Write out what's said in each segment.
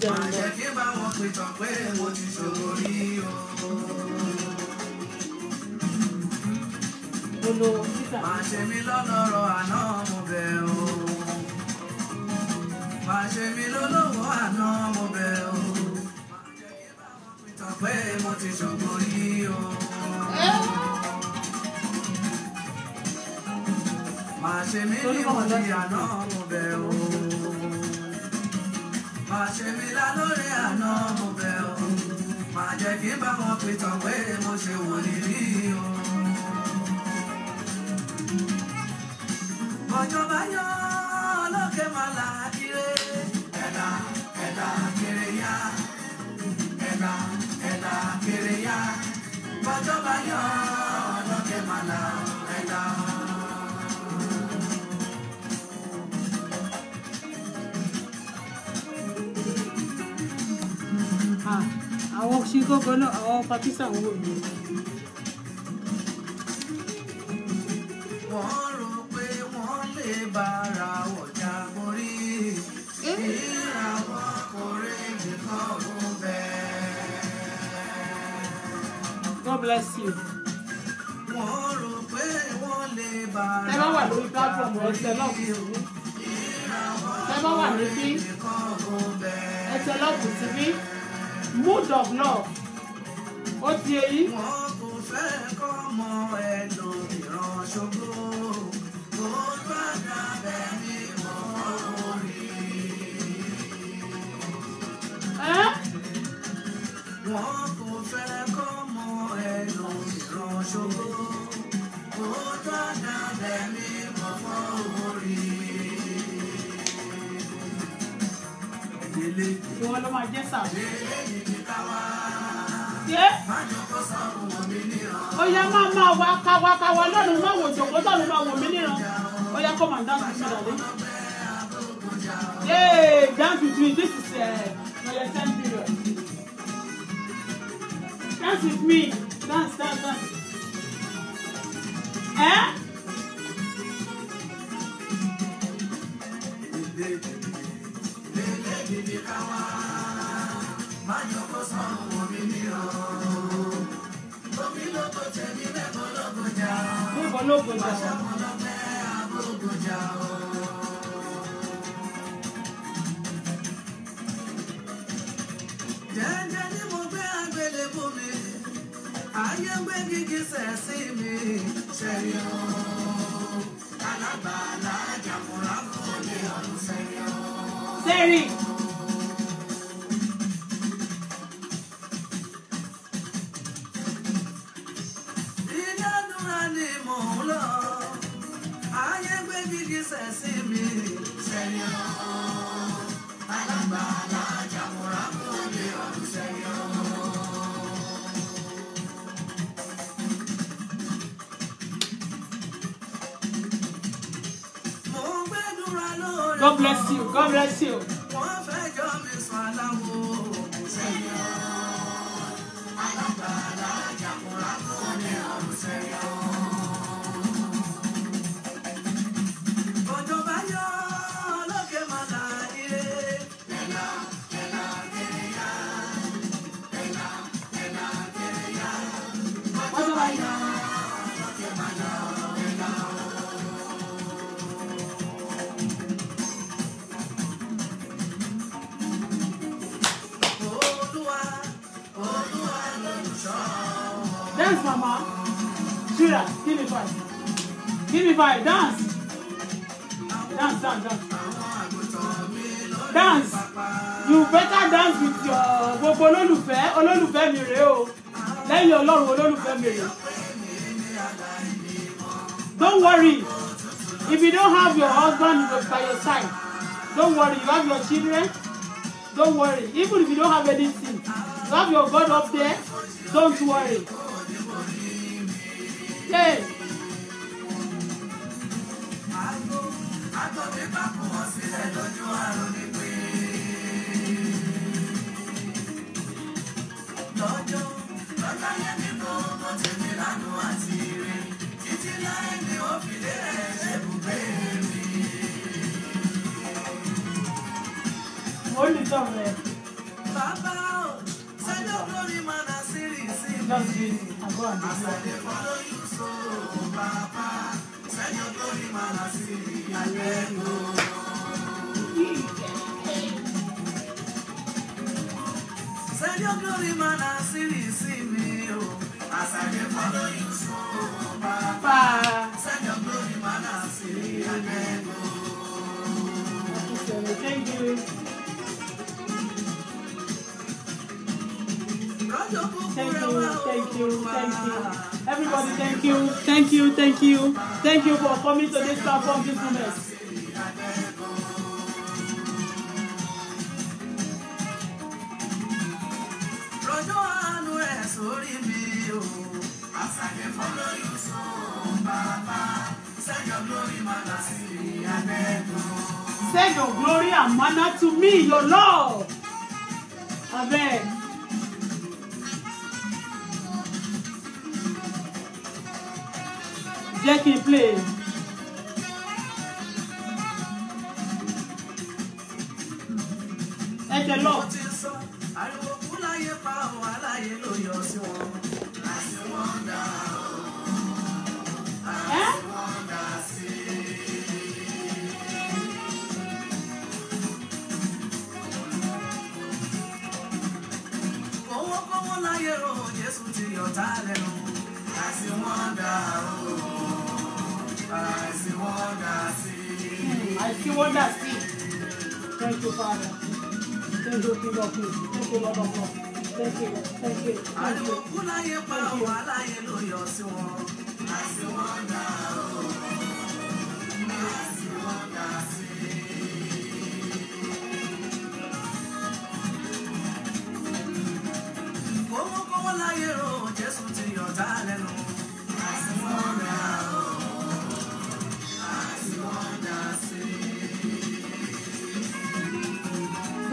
dandan. olówó títà. má ṣe àná mo bẹ̀ o. má ṣe mí lọ́lọ́wọ́ àná mo bẹ̀ o. má jẹ́ kí bá wọn àná mo bẹ̀ o má ṣe mi lálórí àná mo bẹ̀ ọ́ má jẹ́ kí n bá wọn pitàn pé mo ṣe wò níbí o. ọjọ́ bá yọ ọlọ́kẹ́ máa là á ẹ̀dá ẹ̀dá kiri yá ẹ̀dá ẹ̀dá kiri yá ọjọ́ bá yọ. àwọn ṣígógó náà àwọn pakistan ń wò wọ́n rò pé wọ́n lè bára ọjà borí ìràwọ̀ kọ̀ọ̀rẹ́ nìkan kò bẹ́ẹ̀. God bless you. wọ́n rò pé wọ́n lè bára ọjà borí ìràwọ̀ kọ̀ọ̀rẹ́ nìkan kò bẹ́ẹ̀. tẹ́ bá wà lórí platform ọ̀sẹ̀ náà fún mi. tẹ́ mood of love ó ti èyí. wọn kò fẹ́ kọ́ mọ ẹ̀dùn ìran ṣogbó kó bá dábẹ́ ní wọ́n rí. wọn kò fẹ́ kọ́ mọ ẹ̀dùn ìran ṣogbó kó bá dábẹ́ ní wọ́n rí. délé. ìwọ ló máa jẹ́ sàbí. délé yìí ni ká wá. májò kó máa máa wá káwá káwá lọ́run máa wò jòkó lọ́run máa wò mí níran. ó yá kó máa dá sí padà dé. yéé dance with me this is eh, my lesson period. dance with me dance dance dance. Eh? ológun jà. children. Don't worry. Even if you don't have anything, you have your God up there. Don't worry. Hey. Lọ́jọ́ lọ́jọ́ yẹn ní gbogbo tèmi lánàá àti rẹ̀. Papa, glory man, and olùtọ̀rọ̀ ẹ̀. bàbá o sẹ́jọ́ lórí mọ̀nà sírì sí mi àṣàlẹ̀ fọlọ́ yóò sọ bàbá sẹ́jọ́ lórí mọ̀nà sírì alẹ́ lò. sẹ́jọ́ lórí mọ̀nà sírì sí mi o àṣàlẹ̀ fọlọ́ yóò sọ bàbá sẹ́jọ́ lórí mọ̀nà sírì alẹ́ lò. Thank you. thank you, thank you. Everybody, thank you, thank you, thank you, thank you for coming to this platform this moment. lọ́jọ́ Send your glory and mana to me, your Lord. Amen. jẹ́ kí play. ẹ jẹ lọ. ariwo kú láyé pa àwọn aláyé ló yọ sí wọn. àti wọn i. kówókówó láyé o I see wonder I see Thank you, Father. Thank you, King of Kings. Thank you, Lord of Lords. Thank you, thank you, thank you. Àjòkú láyé pa wàhálà yẹn ló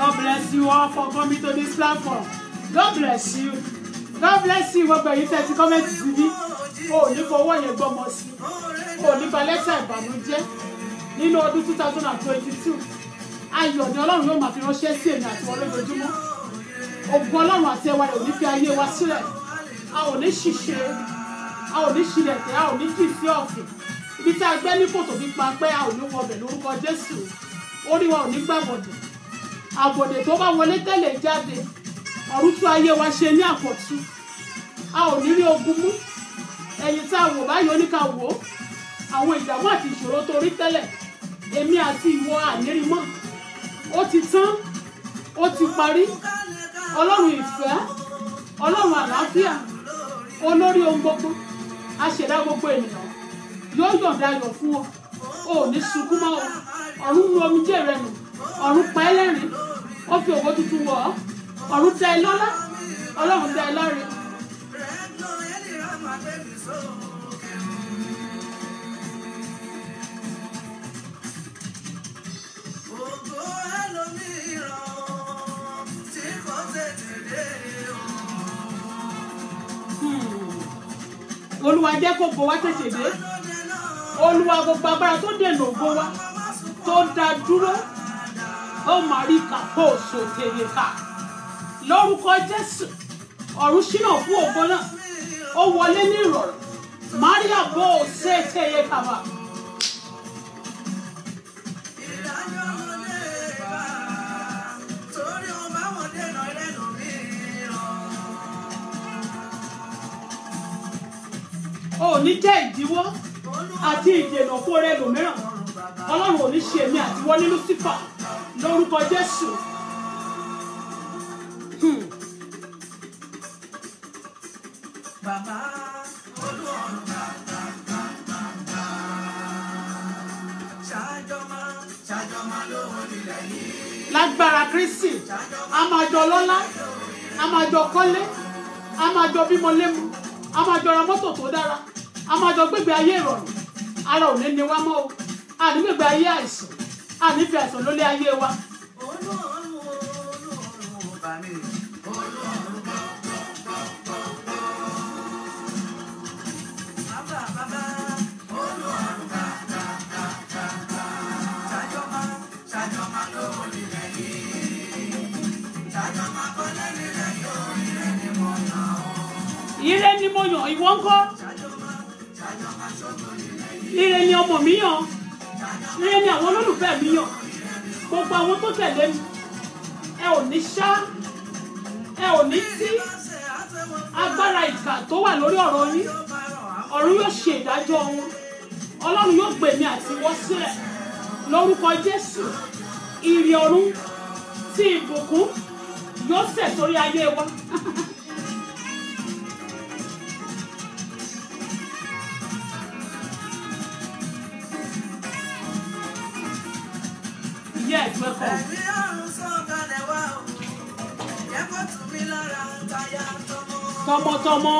God bless you all for coming to this platform. God bless you. God bless you. Gbogbo èyí tẹ́ ti kọ́mẹ́ntì sí bí. O ò you fọwọ́ yẹn gbọ́mọ sí. O ò ní balẹ̀sà ìbànújẹ́. Nínú ọdún two thousand and twenty-two. Ayọ̀ ni Ọlọ́run yóò máa fi ránṣẹ́ sí èmi àti wọn Oh, Ògùn Ọlọ́run àti ẹwà rẹ̀ ò ní fi ayé wa sílẹ̀. I only ní ṣìṣe. A ò ní ṣìlẹ̀kẹ̀. A ò ní kì í sí ọ̀fìn. Ibi tí a gbẹ́ ní kòtò nípa pé a ò ní wọbẹ̀ lórúkọ Jésù. Orí wa ò ní gbàgbọ́dọ̀ àbọ̀dè tó bá wọlé tẹ́lẹ̀ jáde ọ̀run tún ayé wa ṣe ní àpọ̀tún a ò ní rí ogun mú ẹ̀yìn tá a wò báyìí oníka wò ó àwọn ìdààmú àti ìṣòro tó rí tẹ́lẹ̀ èmi àti ìwọ ànírímọ́ ó ti tán ó ti parí ọlọ́run ìfẹ́ ọlọ́run àlàáfíà olórí ohun gbogbo aṣẹ̀dá gbogbo ènìyàn yóò yọ̀ǹda ayọ̀ fún ọ ò ní sunkún mọ́ ọ̀run mú omijé rẹ nù ọ̀run pa ẹ́ lẹ́rìn ó fi ògo tuntun wọ̀ ọ́ ọ̀run tẹ́ ẹ lọ́lá ọlọ́run tẹ́ ẹ lọ́re. olúwa jẹ́ kó bọ̀ wá tètè dé olúwa gbogbo agbára tó dènà ògo wa tó dá dúró ó máa rí kà kó o sò tèyè kà lórúkọ jésù ọ̀run ṣínà fún ògo náà ó wọlé ní ìrọ̀rùn maria bó o ṣe tèyè kà wá. òní jẹ́ ìdíwọ́ àti ìdènà fún ọrẹ ẹlòmíràn ọlọ́run ò ní ṣe èmi àtiwọ́ ní lucifer lórúkọ Jésù. Hmm. Bàbá olóòrùn bàbá bàbá ṣáájọ́má ṣáájọ́má lówó nílẹ̀ yìí. Lágbára Kristi, a máa jọ lọ́lá, a máa jọ kọ́lé, a máa jọ bímọ lému, a máa jọ ra mọ́tò tó dára, a máa ayé ìrọ̀rùn, ara ò ní ni wá mọ́ o, àdúgbò ayé àìsàn a nífẹ̀ẹ́ ẹ̀sán lólé ayé wa. ire ni mo yàn ìwọ ń kọ́ ire ni ọmọ mi yàn rere ni àwọn olólùfẹ́ mi yàn gbogbo àwọn tó tẹ̀lé mi ẹ ò ní ṣá ẹ ò ní tí agbára ìkà tó wà lórí ọ̀rọ̀ yín ọ̀run yóò ṣe ìdájọ́ wọn ọlọ́run yóò gbèmí àti wọ́n sílẹ̀ lórúkọ jésù ìrì ọ̀run ti ìbùkún yóò sẹ̀ sórí ayé wa. yes, welcome. tọmọtọmọ.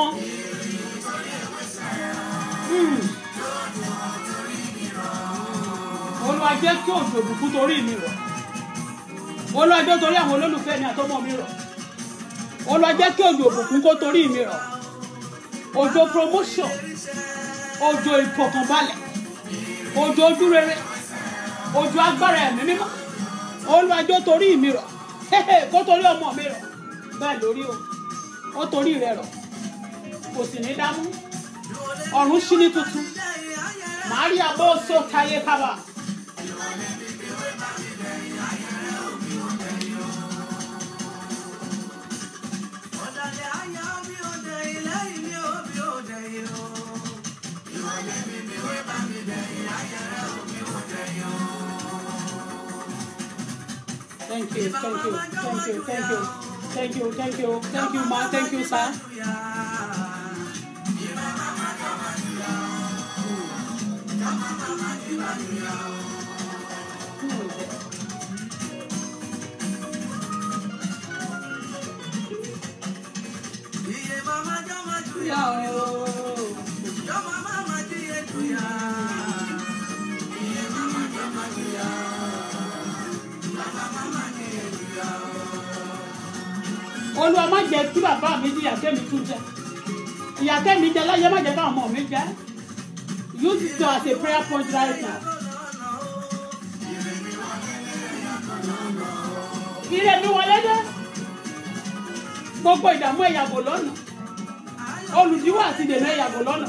Hmm. Olúwa jẹ́ kí òjò òbùkún torí mi rọ̀. Olúwa jẹ́ torí àwọn olólùfẹ́ mi àtọmọ mi rọ̀. Olúwa jẹ́ kí òjò òbùkún kó torí mi rọ̀. Òjò promotion. Òjò ìfọ̀kànbalẹ̀. Òjò ojúrere. Òjò agbára ẹ̀mí mímọ́ olùwàjò torí mi rọ kó torí ọmọ mi rọ bẹ́ẹ̀ lórí o ó torí rẹ rọ kò sì ní dámú ọ̀run ṣí ní tuntun màá rí abọ́ sọ táyé kábà. Thank you, thank you, thank you, thank you, thank you, thank you, thank you, ma, thank you, sir. Yeah. olúwa má jẹ́ kí bàbá mi di ìyàtẹ́ mi tún jẹ ìyàtẹ́ mi jẹ láyé má jẹ́ káwọn ọmọ mi jẹ use it as a prayer point right now. ire mi wọlé dé gbogbo ìdààmú ẹ̀yàgò lọ́nà olùdíwọ̀ àti ìdènà ẹ̀yàgò lọ́nà.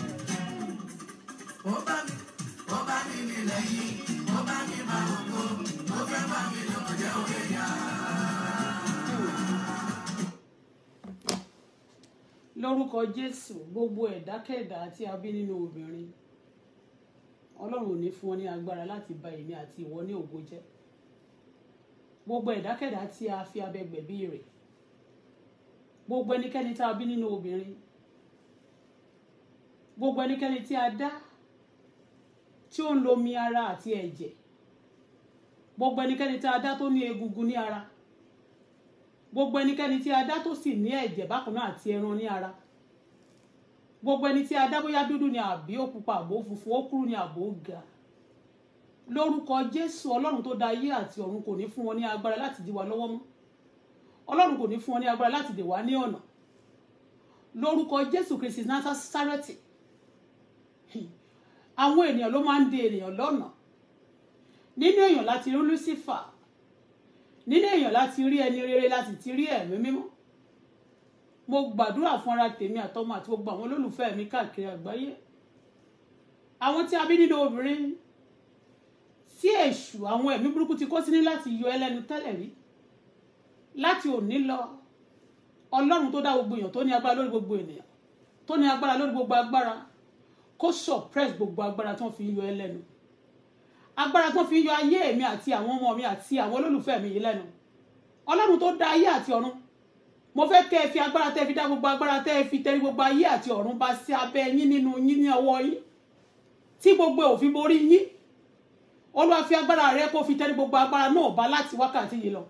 lórúkọ jésù gbogbo ẹ̀dákẹ́dá tí a bí nínú obìnrin ọlọ́run ò ní fún ọ ní agbára láti ba èmi àti ìwọ ní ògo jẹ́ gbogbo ẹ̀dákẹ́dá tí a fi abẹ gbẹ̀bí rẹ̀ gbogbo ẹnikẹ́ni tá a bí nínú obìnrin gbogbo ẹnikẹ́ni tí a dá tí ó ń lo mi ara àti ẹ̀jẹ̀ gbogbo ẹnikẹ́ni tá a dá tó ní egungun ní ara gbogbo ẹnikẹ́ni tí a dá tó sì ní ẹ̀jẹ̀ bákan náà àti ẹran ní ara gbogbo ẹni tí a dá bóyá dúdú ni àbí ó pupa àbó ó kúrú ni àbó ga lórúkọ jésù ọlọ́run tó dá ayé àti ọ̀run kò ní fún wọn ní agbára láti dí wa lọ́wọ́ mọ́ ọlọ́run kò ní fún wọn ní agbára láti dè wá ní ọ̀nà lórúkọ jésù kristi násárẹ́tì àwọn ènìyàn ló máa ń de ènìyàn lọ́nà nínú èèyàn láti rí lucifer nílé èèyàn láti rí ẹni rere láti ti rí ẹ̀mí mímọ́ mo gbàdúrà fún ara tèmi àtọmọ àti gbogbo àwọn olólùfẹ́ mi káàkiri àgbáyé àwọn tí a bí nínú obìnrin tí èṣù àwọn ẹ̀mí burúkú ti kó sínú láti yọ ẹlẹ́nu tẹ́lẹ̀ rí láti òní lọ ọlọ́run tó dá gbogbo èèyàn tó ní agbára lórí gbogbo ènìyàn tó ní agbára lórí gbogbo agbára kó suppress gbogbo agbára tó fi yọ ẹlẹ́nu agbára tó fi ń yọ ayé mi àti àwọn ọmọ mi àti àwọn olólùfẹ́ mi yìí lẹ́nu ọlọ́run tó dá ayé àti ọ̀run mo fẹ́ kẹ́ ẹ fi agbára tẹ́ fi dá gbogbo agbára tẹ́ fi tẹ́rí gbogbo ayé àti ọ̀run bá sí abẹ́ yín nínú yín ní ọwọ́ yín tí gbogbo òfin borí yín olúwa fi agbára rẹ kó fi tẹ́rí gbogbo agbára náà bá láti wákàtí yìí lọ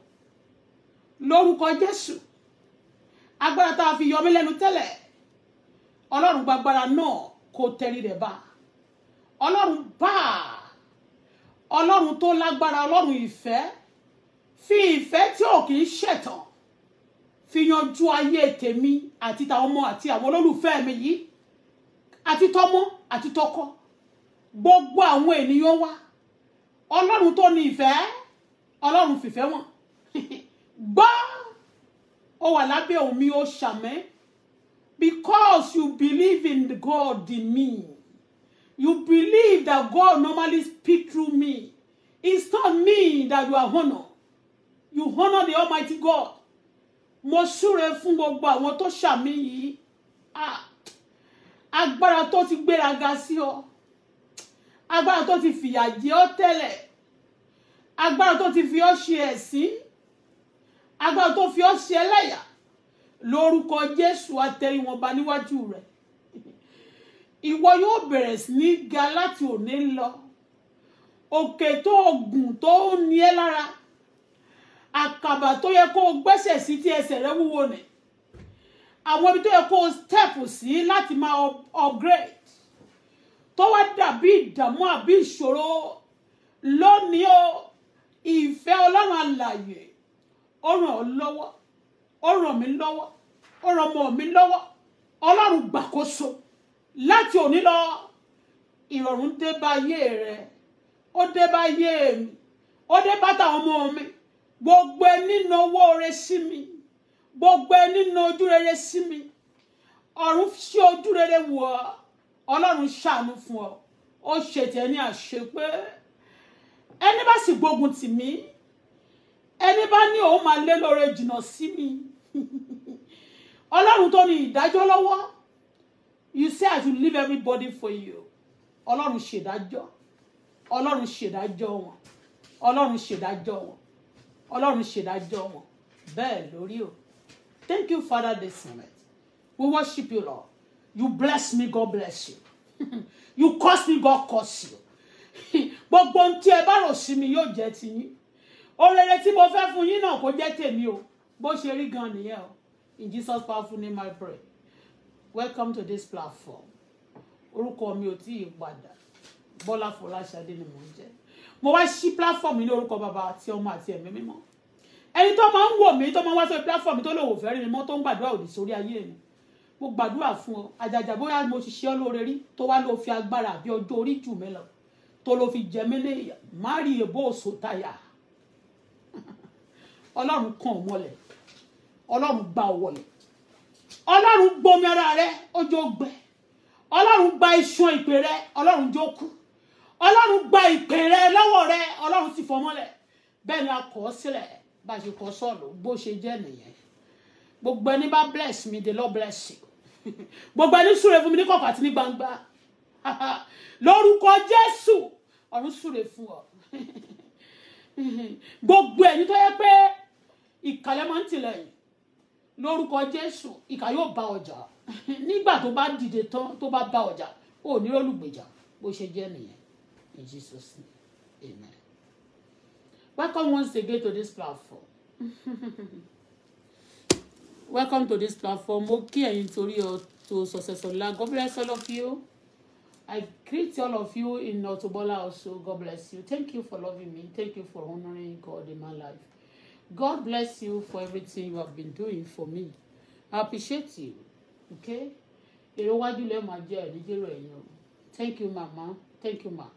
lórúkọ jésù agbára tá a fi yọ mí lẹ́nu tẹ́lẹ̀ ọlọ́run gbagbára náà kó tẹ́rí rẹ̀ bá ọlọ́run báà ọlọ́run tó lágbára ọlọ́run ìfẹ́ fi ìfẹ́ tí ò kì í ṣẹ̀tàn fi yanjú ayé tèmi àti tàwọn ọmọ àti àwọn olólùfẹ́ mi yìí àti tọmọ àti tọkọ gbogbo àwọn ènìyàn wa ọlọ́run tó ní ìfẹ́ ọlọ́run fìfẹ́ wọn gbọ́ ó wà lábẹ́ omi ó ṣàmẹ́ because you believe in God in me you believe that God normally speaks through me. It's not me that you are honor. You honor the Almighty God. Mo súre fún gbogbo àwọn tó ṣàmì yìí. Ah, agbára tó ti gbéraga sí ọ. Agbára tó ti fìyà jẹ ọ tẹ́lẹ̀. Agbára tó ti fi ọ ṣe ẹ̀sín. Agbára tó fi ọ ṣe ẹlẹ́yà. Lórúkọ Jésù àtẹ̀yìnwọ̀nba níwájú rẹ̀ ìwọ yóò bẹ̀rẹ̀ sí ní ga láti òní lọ òkè tó gùn tó ní ẹ lára àkàbà tó yẹ kó o gbẹ́sẹ̀ sí tí ẹsẹ̀ rẹ wúwo nì àwọn ibi tó yẹ kó o step sí láti máa upgrade tó wá dàbí ìdààmú àbí ìṣòro lónìí o ìfẹ́ ọlọ́run àlàyé ó ràn ọ́ lọ́wọ́ ó ràn mí lọ́wọ́ ó ràn ọmọ mi lọ́wọ́ ọlọ́run gbàkóso láti òní lọ ìrọ̀rùn dé bá ayé rẹ ó dé bá ayé mi ó dé bá tàwọn ọmọ mi gbogbo ẹ nínú owó rẹ sí mi gbogbo ẹ nínú ojú rere sí mi ọ̀run ṣí ojú rere wò ọ́ ọlọ́run ṣàánú fún ọ ó ṣètẹ́ ní àṣepé ẹni bá sì gbógun tì mí ẹni bá ní òun máa lé lóore jìnnà sí mi ọlọ́run tó ní ìdájọ́ lọ́wọ́ you say I should leave everybody for you ọlọ́run ṣèdájọ́ ọlọ́run ṣèdájọ́ wọn ọlọ́run ṣèdájọ́ wọn ọlọ́run ṣèdájọ́ wọn bẹ́ẹ̀ lórí o thank you father this moment we worship you lord you bless me god bless you you curse me god curse you gbogbo ohun tí ẹ bá rò sí mi yóò jẹ́ tiyín orere tí mo fẹ́ fún yín náà kó jẹ́ tèmi o bó ṣe rí gan nìyẹn o in jesus powerful name i pray welcome to this platform orúkọ mi ò tí ì padà Bọ́lá Fọláṣadé ni mò ń jẹ́ mo wá sí platform ní orúkọ bàbá àti ọmọ àti ẹ̀mí mímọ́ ẹni tó máa ń wò mí tó máa ń wá sórí platform tó lòwò fẹ́ rí mi mọ́ tó ń gbàdúrà òdì sórí ayé mi mo gbàdúrà fún ọ àjàjà bóyá mo ti ṣe ọ lóore rí tó wá ló fi agbára àbí ọjọ́ orí jù mí lọ tó ló fi jẹ mí léyà má rí èbó òṣòtayà ọlọ́run kàn mọ́lẹ̀ ọlọ́run gbá ọ wọlẹ̀ ọlọ́run gbomi ara rẹ ojú gbẹ ọlọ́run gba iṣan ìpè rẹ ọlọ́run jó kú ọlọ́run gba ìpè rẹ lọ́wọ́ rẹ ọlọ́run sì fọmọ́lẹ̀ bẹ́ẹ̀ ni a kọ́ sílẹ̀ bá a ṣe kọ́ sọ̀rọ̀ bó ṣe jẹ́ nìyẹn gbogbo ẹni bá bless me the Lord bless you gbogbo ẹni súre fún mi ní kọ̀kọ̀ àti ní gbangba lórúkọ Jésù ọ̀run súre fún ọ gbogbo ẹni tó yẹ pé ìkàlẹ̀ máa ń tìlẹ̀yìn lórúkọ jésù ìkà yóò bá ọjà nígbà tó bá dìde tán tó bá bá ọjà ò ní olùgbèjà bó ṣe jẹ́ nìyẹn in jesus name amen welcome once again to this platform welcome to this platform mo kí ẹ̀yin torí to Success Ola god bless all of you i greet all of you in Auto Bola also god bless you thank you for loving me thank you for honouring god in my life God bless you for everything you have been doing for me. I appreciate you. Okay? Èrò wájú lẹ́ẹ̀ máa jẹ́ ẹ̀ríjẹ́rò ẹ̀yàn o. Thank you mama. Thank you ma.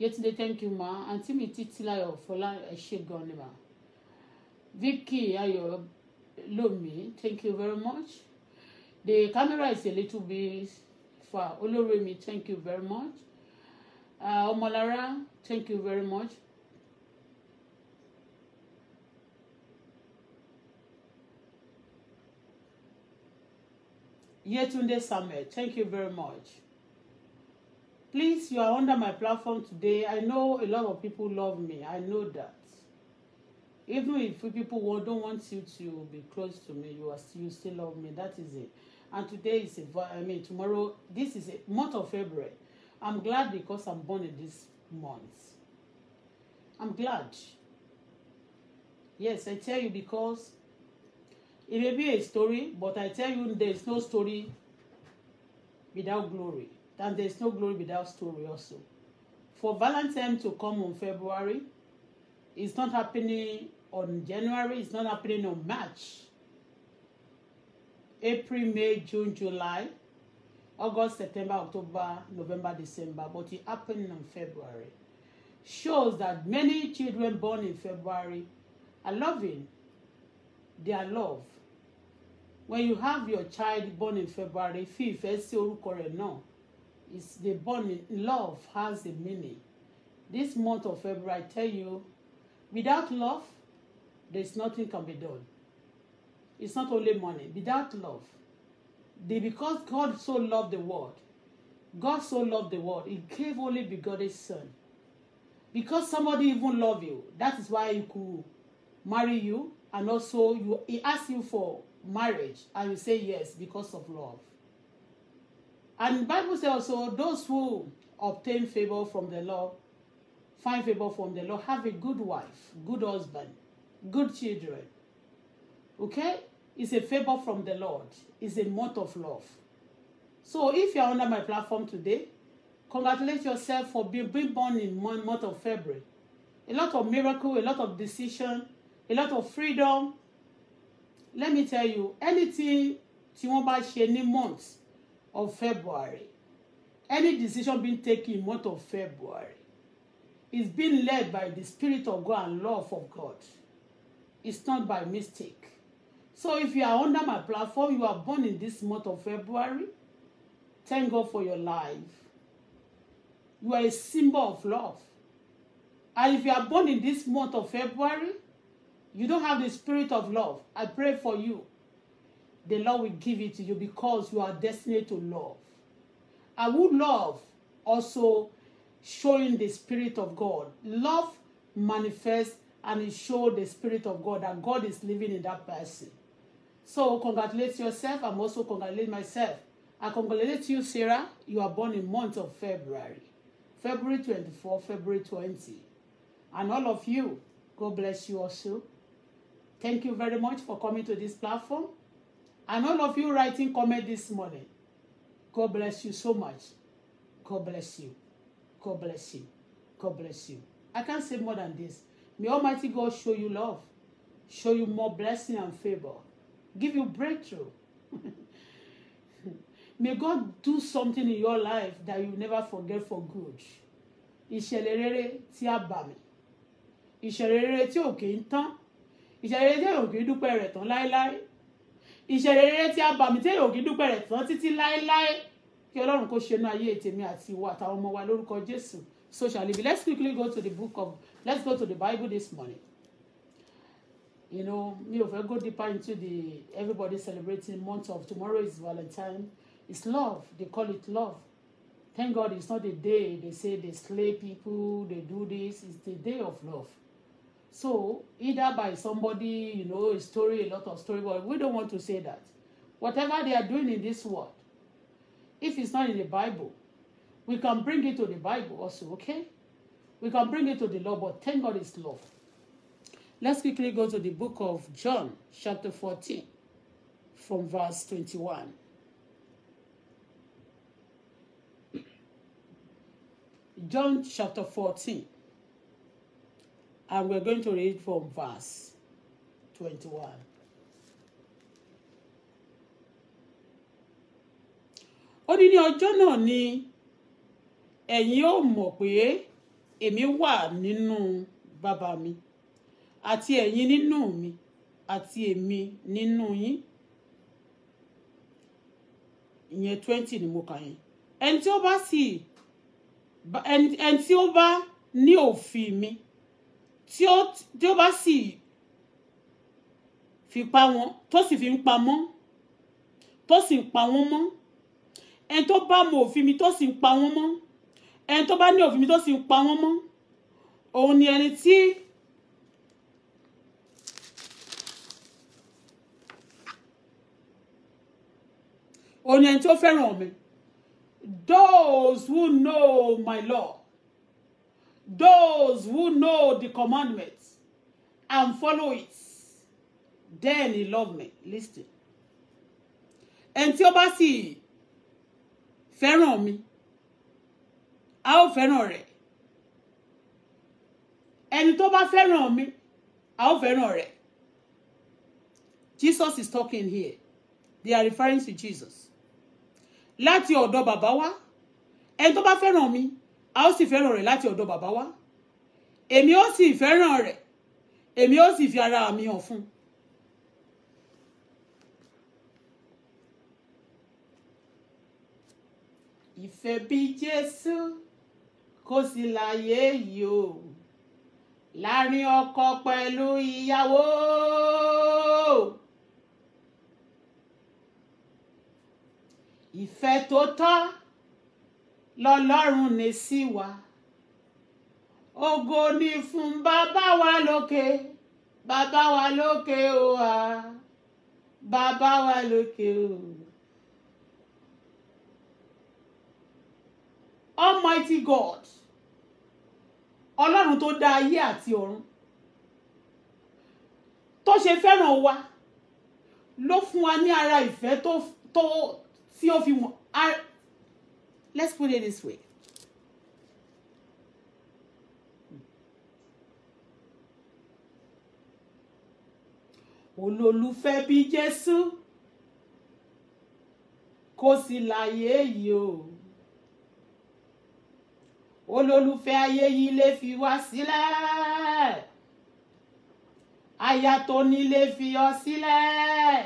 Yetunde thank you ma. And mi títí láyọ̀ fọlá ẹ ṣé gan ni ma. Vicky ayọ̀ lómi thank you very much. The camera is a little bit far. Olórí mi thank you very much. Uh, Ọmọlára thank you very much. Yetunde Samuel, thank you very much. Please, you are under my platform today. I know a lot of people love me. I know that. Even if people don't want you to be close to me, you are still, you still love me. That is it. And today is a, I mean, tomorrow, this is a month of February. I'm glad because I'm born in this month. I'm glad. Yes, I tell you because It may be a story, but I tell you, there is no story without glory. And there is no glory without story also. For Valentine to come on February, it's not happening on January, it's not happening on March. April, May, June, July, August, September, October, November, December, but it happened on February. Shows that many children born in February are loving. They are loved when you have your child born in February fifth ẹ sí orúkọ rẹ̀ náà is the born in love has a meaning this month of February I tell you without love there is nothing can be done it's not only money without love the because God so loved the world God so loved the world he gave only begotten son because somebody even love you that is why he could marry you and also you he ask you for marriage and you say yes because of love and Bible says also those who obtain favor from the law, find favor from the law. have a good wife good husband good children okay it's a favor from the Lord it's a month of love so if you are under my platform today congratulate yourself for being, being born in month of February a lot of miracle a lot of decision a lot of freedom let me tell you anything tí wọ́n bá ṣe ní month of February any decision being taken in month of February is being led by the Spirit of God and love of God it's not by mistake so if you are under my platform you are born in this month of February thank God for your life you are a symbol of love and if you are born in this month of February you don't have the spirit of love, I pray for you. The Lord will give it to you because you are destined to love. I would love also showing the spirit of God. Love manifests and it shows the spirit of God that God is living in that person. So congratulate yourself. I'm also congratulating myself. I congratulate you, Sarah. You are born in month of February. February 24, February 20. And all of you, God bless you also. Thank you very much for coming to this platform. And all of you writing comment this morning. God bless you so much. God bless you. God bless you. God bless you. I can't say more than this. May Almighty God show you love, show you more blessing and favor, give you breakthrough. May God do something in your life that you never forget for good. Ìṣẹ̀lẹ̀ rere tí a bà mí. Ìṣẹ̀lẹ̀ rere tí ò kì tán ìṣẹ̀lẹ̀ rere tí èèyàn kì í dúpẹ́ rẹ̀ tán láéláé ìṣẹ̀lẹ̀ rere tí a bà mí tí èèyàn kì í dúpẹ́ rẹ̀ tán títí láéláé kí ọlọ́run kó ṣe inú ayé tèmi àti ìwọ àtàwọn ọmọ wa lórúkọ jésù so shall it be let's quickly go to the book of let's go to the bible this morning you know mi ò fẹ́ go deeper into the everybody celebrating month of tomorrow is valentine it's love they call it love thank god it's not the day they say they slay people they do this it's the day of love So either by somebody, you know, a story, a lot of story, but we don't want to say that. Whatever they are doing in this world, if it's not in the Bible, we can bring it to the Bible also, okay? We can bring it to the law, but thank God it's love. Let's quickly go to the book of John, chapter 14, from verse 21. John chapter 14 and we're going to read from verse 21. ó ní ní ọjọ́ náà ni ẹ̀yin ó mọ̀ pé èmi wà nínú bàbá mi àti ẹ̀yin nínú mi àti èmi nínú yín ìyẹn twenty ni mo kà yẹn ẹni tí ó bá sì ẹni tí ó bá ní òfin mi tí ó tí ó bá sì fi pa wọn tó sì fi ń pa mọ́ tó sì ń pa wọ́n mọ́ ẹni tó bá mọ òfin mi tó sì ń pa wọ́n mọ́ ẹni tó bá ní òfin mi tó sì ń pa wọ́n mọ́ òun ni ẹni tí òun ni ẹni tó fẹ́ràn mi those who know my law those who know the commandments and follow it then he loved me listen ẹni tí ó bá sì fẹ́ràn mi a ó fẹ́ràn rẹ̀ ẹni Jesus is talking here they are referring to Jesus Lati odo babawa. wa ẹni tó bá fẹ́ràn mi a ó sì fẹ́ràn rẹ̀ láti ọ̀dọ̀ bàbá wa èmi ó sì fẹ́ràn rẹ̀ èmi ó sì fi ara mi hàn fún un. ìfẹ́ bí Jésù kò sí láyé yìí o láàrin ọkọ pẹ̀lú ìyàwó. ìfẹ́ tó tọ́ lọ́lọ́run ní sí wa ògo ni fún bàbá wa lókè bàbá wa lókè o wa bàbá wa lókè o. Almighty God ọlọ́run tó dá ayé àti ọ̀run tó ṣe fẹ́ràn wa ló fún wa ní ara ìfẹ́ tó tí ó fi Let's put it this way. olólùfẹ́ bí Jésù kò sí láyé yìí o olólùfẹ́ ayé yìí lè fi wá sílẹ̀ aya tó ní lè fi ọ sílẹ̀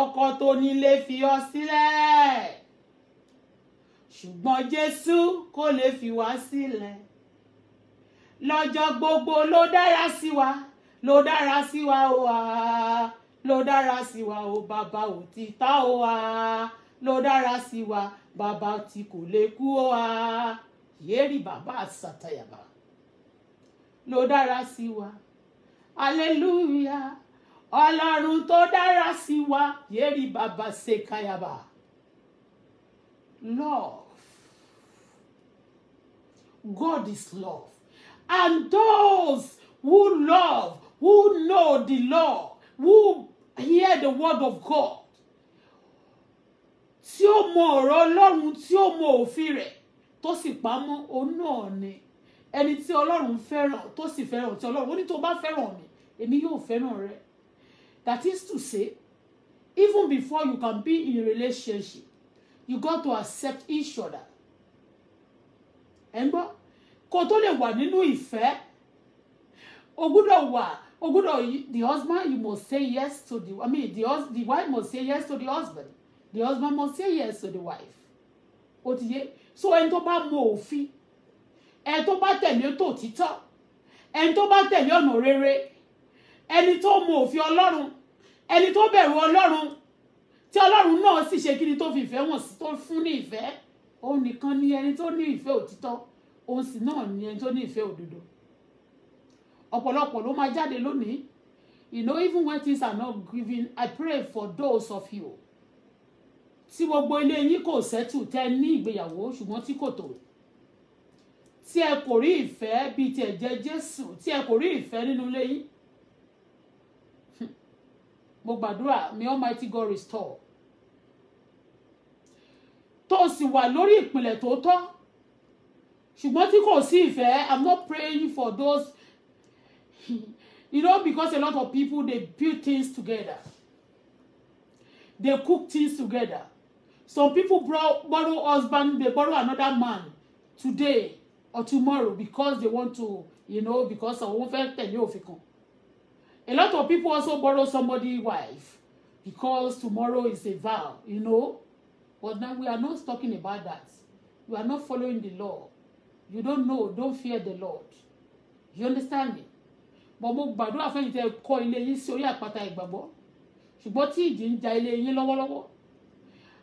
ọkọ tó ní lè fi ọ sílẹ̀ ṣùgbọ́n Jésù kò lè fi wá sílẹ̀ lọ́jọ́ gbogbo ló dára sí wa ló dára sí wa ó wá ló dára sí wa ó bàbá òtítọ́ ó wá ló dára sí wa bàbá tí kò lè kú ó wá yéèrì bàbá àsàtàyàbà ló dára sí wa aleluya ọlọ́run tó dára sí wa yéèrì bàbá ṣèkáyàbà lọ́ọ̀. God is love. And those who love, who know the law, who hear the word of God, tí ó mọ ọ̀rọ̀ Ọlọ́run tí ó mọ òfin rẹ̀ tó sì pamọ́ òun náà ni ẹni tí Ọlọ́run fẹ́ràn tó sì fẹ́ràn tí Ọlọ́run ó ní tó bá fẹ́ràn mi èmi yóò fẹ́ràn rẹ that is to say even before you can be in a relationship you got to accept each other ẹ ń gbọ́ kó tó lè wà nínú ìfẹ́ o wà o the husband you must say yes to the i mean the, the wife must say yes to the husband the husband must say yes to the wife ó ti yé so ẹni tó bá mọ òfin ẹni tó bá tẹ̀lé tó títọ́ ẹni tó bá tẹ̀lé ọ̀nà rere ẹni tó mọ òfin ọlọ́run ẹni tó bẹ̀rù ọlọ́run tí ọlọ́run náà sì ṣe kí ni tó fi ìfẹ́ wọn sí tó fún ní ìfẹ́ òun nìkan ni ẹni tó ní ìfẹ́ òtítọ́ òun sì náà ni ẹni tó ní ìfẹ́ òdodo ọ̀pọ̀lọpọ̀ ló máa jáde lónìí you know even when things are not given I pray for those of you tí gbogbo ilé yín kò sẹ́tù tẹ́ ní ìgbéyàwó ṣùgbọ́n tí kò tòrò tí ẹ kò rí ìfẹ́ bíi ti ẹ̀jẹ̀ Jésù tí ẹ kò rí ìfẹ́ nínú ilé yín mo gbàdúrà may Almighty God restore tó o sì wà lórí ìpìlẹ̀ tó tọ́ ṣùgbọ́n tí kò sí ìfẹ́ i'm not praying for those you know because a lot of people dey build things together dey cook things together some people borrow, borrow husband dey borrow another man today or tomorrow because they want to you know because àwọn fẹ́ tẹ̀lé òfin kan a lot of people also borrow somebody wife because tomorrow is a vow you know but now we are not talking about that we are not following the law you don't know don't fear the Lord you understand me but mo gbàdúrà fẹ́yìn tẹ́ kọ́ ilé yín sí orí àpáta ìgbàgbọ́ ṣùgbọ́n tí ìjì ń ja ilé yín lọ́wọ́lọ́wọ́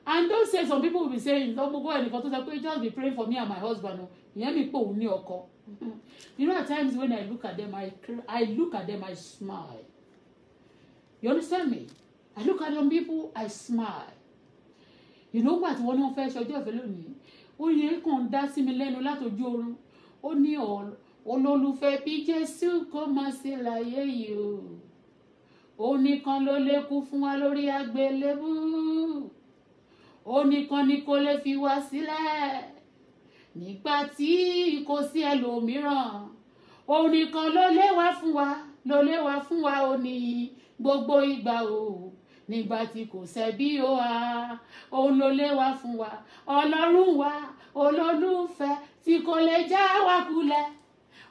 and don't say some people will be saying lọ́gbogbo ẹnìkan tó sọ pé just be praying for me and my husband o ìyẹn mi pò òun ní ọkọ you know at times when I look at them I, I look at them I smile you understand me I look at them people I smile you know what wọ́n ní wọ́n fẹ́ ṣe ọjọ́ ìfẹ́ lónìí oyè kàn dá sí mi lẹ́nu látọjú oorun ó ní olólùfẹ́ bí jésù kó máa ṣe láyé yìí o òun nìkan ló lè kú fún wa lórí àgbélébú òun nìkan ni kò lè fi wá sílẹ̀ nígbà tí kò sí ẹlòmíràn òun nìkan ló lè wá fún wa ló lè wá fún wa ó ní gbogbo ìgbà o nígbà tí kò sẹ́bí o wa òun ló lé wa fún wa ọlọ́run wa olólùfẹ́ tí kò lè já wa kulẹ̀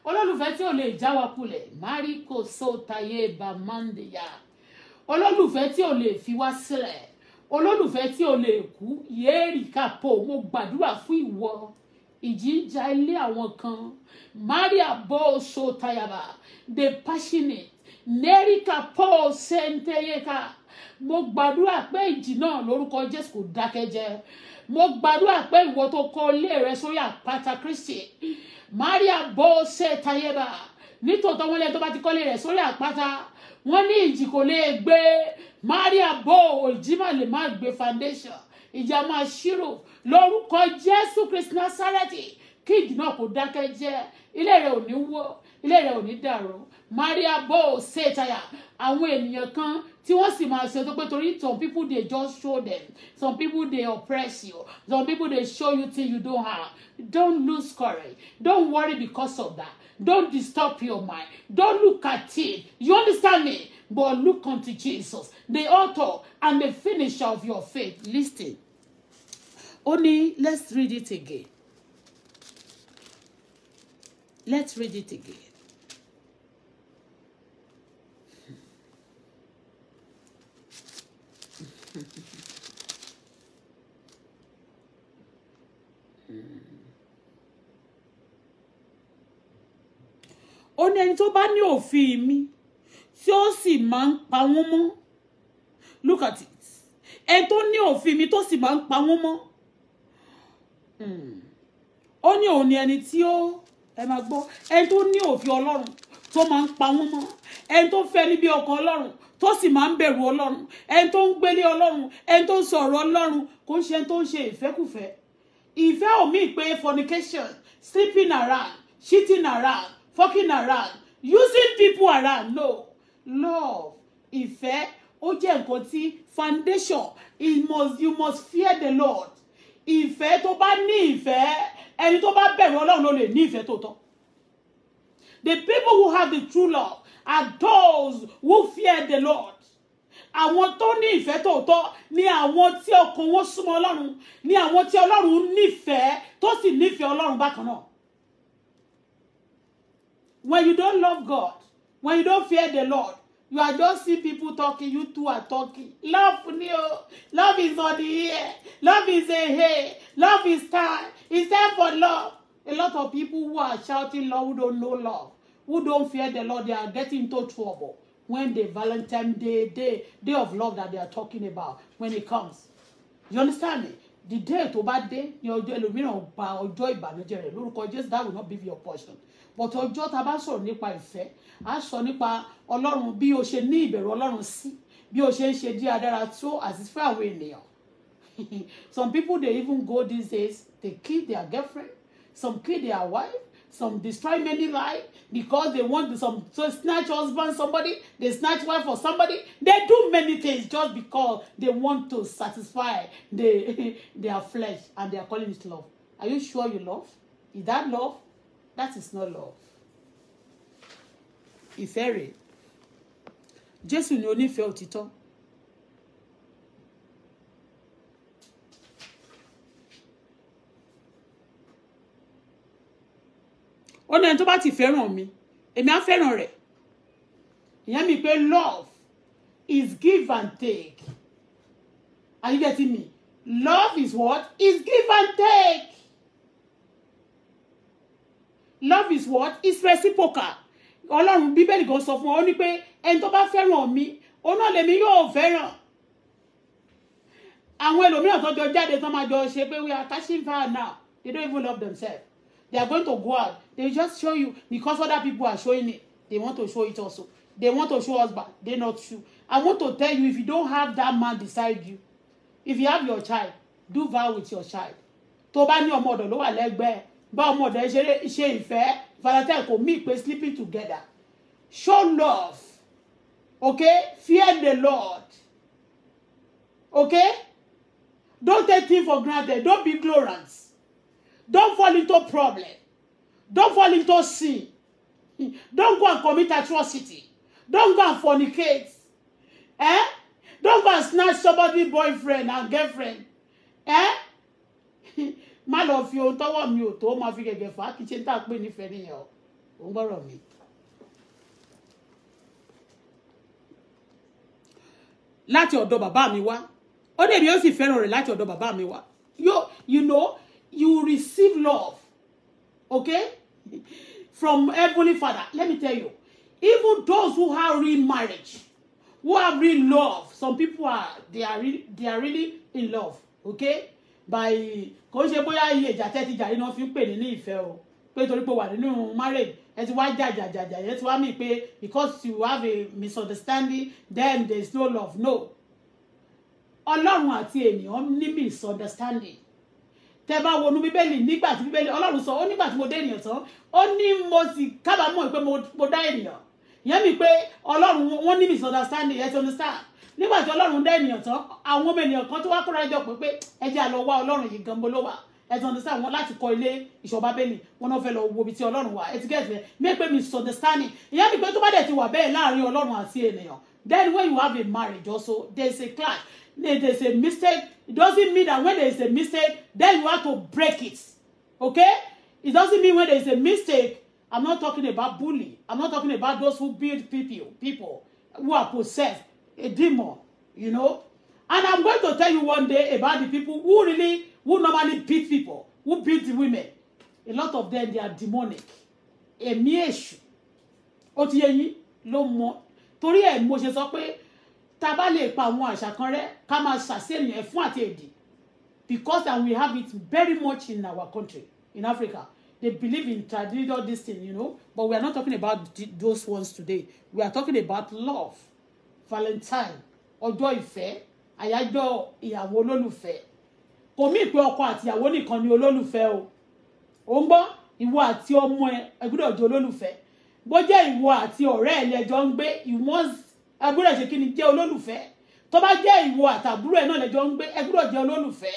olólùfẹ́ tí ò lè já wa kulẹ̀ máríkò sótayé bàmándìyà olólùfẹ́ tí ò lè fi wá sílẹ̀ olólùfẹ́ tí ò lè kú yéèrì kápò mo gbàdúrà fún ìwọ ìjìjà ilé àwọn kan maria bo sótayaba the passionate nẹ́ríkà paul senteyeka mo gbàdúrà pé ìjì náà lórúkọ jésù kò dákẹ́ jẹ mo gbàdúrà pé ìwọ tó kọ́ ilé rẹ sórí àpáta kristi maria bó ṣe tayébà nítòótọ́ wọn lẹ́yìn tó bá ti kọ́lé rẹ̀ sórí àpáta wọ́n ní ìjì kò lè gbé maria bó òjì má lè má gbé foundation ìjà máa ṣírò lórúkọ jésù kristi násárẹ́tì kí ìjì náà kò dákẹ́ jẹ́ ilé rẹ̀ ò ní wó ilé rẹ̀ ò ní dàrú maria bó ṣe tayà àwọn ènìyàn kan tí wọ́n sì máa ṣe tó pé torí some people dey just show them some people dey oppress you some people dey show you things you don't have don't lose courage don't worry because of that don't disturb your mind don't look at it you understand me but look unto Jesus the author and the finisher of your faith listen ó ní let's read it again let's read it again ó ní ẹni tó bá ní òfin mi tí ó sì máa ń pa wọ́n mọ́ look at it ẹni tó ní òfin mi tó sì máa ń pa wọ́n mọ́ hmm. ó ní òun ni ẹni tí ó ẹ máa gbọ́ ẹni tó ní òfin ọlọ́run tó máa ń pa wọ́n mọ́ ẹni tó fẹ́ níbi ọkọ̀ ọlọ́run tó sì máa ń bẹ̀rù ọlọ́run ẹni tó ń gbélé ọlọ́run ẹni tó ń sọ̀rọ̀ ọlọ́run kò ń ṣe tó ń ṣe ìfẹ́kùfẹ́ ìfẹ́ omi pé fornication sleeping around cheating around fucking around using people around no love ìfẹ́ ó jẹ́ nǹkan tí foundation it must, you must fear the Lord ìfẹ́ tó bá ní ìfẹ́ ẹni tó bá bẹ̀rù ọlọ́run ló lè ní ìfẹ́ tó tọ́ The people who have the true love are those who fear the Lord. Àwọn tó ní ìfẹ́ tòótọ́ ni àwọn tí ọkàn wọn súnmọ́ Ọlọ́run ni àwọn tí Ọlọ́run nífẹ̀ẹ́ tó sì nífẹ̀ẹ́ Ọlọ́run bákan náà. When you don't love God, when you don't fear the Lord, you are just see people talking, you two are talking. Love new. Love is on the air. Love is a hey. Love is time. Instead time for love. A lot of people who are shouting love don't know love who don't fear the Lord, they are getting into trouble when the Valentine Day, day, day of love that they are talking about, when it comes. You understand me? The day tó bá dé ni ọjọ́ ẹlòmíràn by ọjọ́ by rẹ̀ lórúkọ just that will not be your portion but ọjọ́ ta bá sọ̀rọ̀ nípa ìfẹ́ a sọ nípa Ọlọ́run bí o ṣe ní ìbẹ̀rù Ọlọ́run sí bí o ṣe ń ṣe as tó far away near. some people they even go these days they kill their girlfriend some kill their wife Some destroy many lives because they want to some so snatch husband somebody, they snatch wife for somebody. They do many things just because they want to satisfy the, their flesh and they are calling it love. Are you sure you love? Is that love? That is not love. Ìfẹ́ Jesus Jésù ni it all. ó ní ẹni tó bá ti fẹ́ràn mi èmi á fẹ́ràn rẹ̀ ìyẹn mi pé love is give and take are you getting me love is what is give and take love is what is reciprocal ọlọ́run bíbélì kan sọ fún ọ ní pé ẹni tó bá fẹ́ràn mi òun náà lèmi yóò fẹ́ràn àwọn ẹlòmíràn tó jọ jáde tó máa jọ ṣe pé we are attaching power now they don't even love themselves They are going to go out. They just show you because other people are showing it. They want to show it also. They want to show us, but they not true. I want to tell you, if you don't have that man beside you, if you have your child, do vow with your child. Tó bá ní ọmọ ọ̀dọ̀ ló wà lẹ́gbẹ̀ẹ́, bá ọmọ ọ̀dọ̀ ṣe ìfẹ́, Valentine kò mí pé sleeping together. Show love. Okay? Fear the Lord. Okay? Don't take things for granted. Don't be ignorant. Don't fall into problem. Don't fall into sin. Don't go and commit atrocity. Don't go and fornicate. Eh? Don't go and snatch somebody's boyfriend and girlfriend. Eh? Má lọ fi ohun tọ́wọ́ mi ò tó máa fi gẹ̀gẹ̀ fà á kì í ṣe ń tà pé nífẹ̀ẹ́ nìyẹn o. Ò ń gbọ́rọ̀ mi. Láti ọ̀dọ̀ bàbá mi wá. Ó dẹ̀ mi ó sì fẹ́ràn rẹ̀ láti ọ̀dọ̀ bàbá mi wá. You know you receive love. Okay? From Heavenly Father. Let me tell you. Even those who have real marriage, who have real love, some people are they are really they are really in love. Okay? By kò ń ṣe bóyá iye ìjà tẹ́tí jà nínú fi ń pè ní ní ìfẹ́ o pé torí pé wà nínú marriage ẹ ti wá jàjàjàjà ẹ ti wá mí pé because you have a misunderstanding then there is no love no ọlọ́run àti ènìyàn ní misunderstanding tẹ bá wọnú bíbélì nígbà tí bíbélì ọlọ́run sọ ó nígbà tí mo dé ènìyàn tán ó ní mo sì kábàámọ̀ pé mo dá ènìyàn yẹn mi pé ọlọ́run wọn ní misunderstanding ẹ ti understand nígbà tí ọlọ́run dá ènìyàn tán àwọn ọmọ ènìyàn kan tó wá kóra jọ pé pé ẹ jẹ́ àlọ́ wá ọlọ́run yìí gan bolo wà ẹ ti understand wọn láti kọ́ ilé ìṣọba bẹ́ẹ̀ni wọn náà fẹ́ lọ wo ibi tí ọlọ́run wà ẹ ti gẹ̀ẹ́sì rẹ̀ mi misunderstanding ìyẹn mi pé tó bá dẹ̀ ti wà bẹ́ẹ̀ láàrin ọlọ́run àti then when you have a marriage also there is a clash there is a mistake It doesn't mean that when there is a mistake, then you have to break it. Okay? It doesn't mean when there is a mistake. I'm not talking about bully. I'm not talking about those who build people, people who are possessed, a demon, you know. And I'm going to tell you one day about the people who really, who normally beat people, who beat the women. A lot of them, they are demonic. A mieshu Ó lo yé yín ló mo ṣe sọ tá a bá lè pa àwọn àṣà kan rẹ ká máa ṣàṣeyàn ẹ̀fún àti èdè because and we have it very much in our country in Africa they believe in traditional this thing you know but we are not talking about those ones today we are talking about love valentine ọjọ́ ìfẹ́ àyájọ́ ìyàwó olólùfẹ́ kò mí pé ọkọ àti ìyàwó nìkan ni olólùfẹ́ o ò ń gbọ́ ìwọ àti ọmọ ẹ gbọ́dọ̀ jẹ́ olólùfẹ́ bó jẹ́ ìwọ àti ọ̀rẹ́ ẹ lẹ́jọ́ ń gbé you must àbúrò ẹ̀ ṣe kí ni jẹ́ olólùfẹ́ tó bá jẹ́ ìwọ àtàbúrò ẹ̀ náà lẹ́jọ́ ń gbé ẹ gbúdọ̀ jẹ́ olólùfẹ́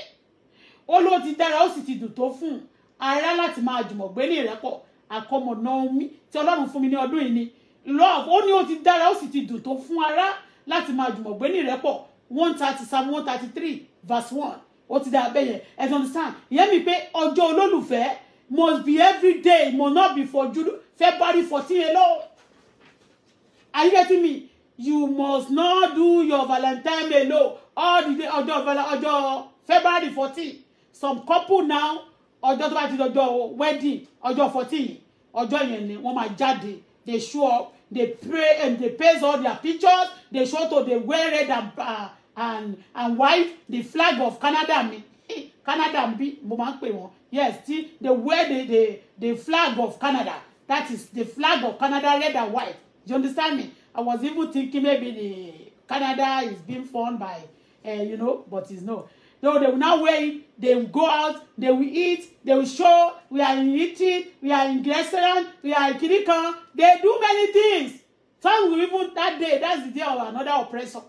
ó ló ti dára ó sì ti dùn tó fún ara láti máa jùmọ̀ gbé ní ìrẹ́pọ̀ àkọmọ̀nà omi tí ọlọ́run fún mi ní ọdún yìí ni love ó ní ó ti dára ó sì ti dùn tó fún ara láti máa jùmọ̀ gbé ní ìrẹ́pọ̀ one thirty psalm one thirty three verse one ó ti dá abẹ́ yẹn ẹ ti understand ìyẹn mi pé ọjọ́ olólùfẹ́ must be every day must not be for February fourteen alone are you getting me you must not do your valentine day no. all the day ọjọ́ ọjọ́ february fourteen some couple now ọjọ́ tó bá ti dọjọ́ wedding ọjọ́ fourteen ọjọ́ yẹn ni wọ́n máa jáde they show up they pray and they paste all their pictures they show to they wear red and uh, and and white the flag of Canada mi eh, Canada bi mo máa ń pè yes ti they wear the the the flag of Canada that is the flag of Canada red and white you understand me I was even thinking maybe the Canada is being funded by, uh, you know, but it's no. No, they will not wait. They will go out. They will eat. They will show. We are in eating. We are in restaurant. We are in clinical. They do many things. Some will even that day. That's the day of another oppressor.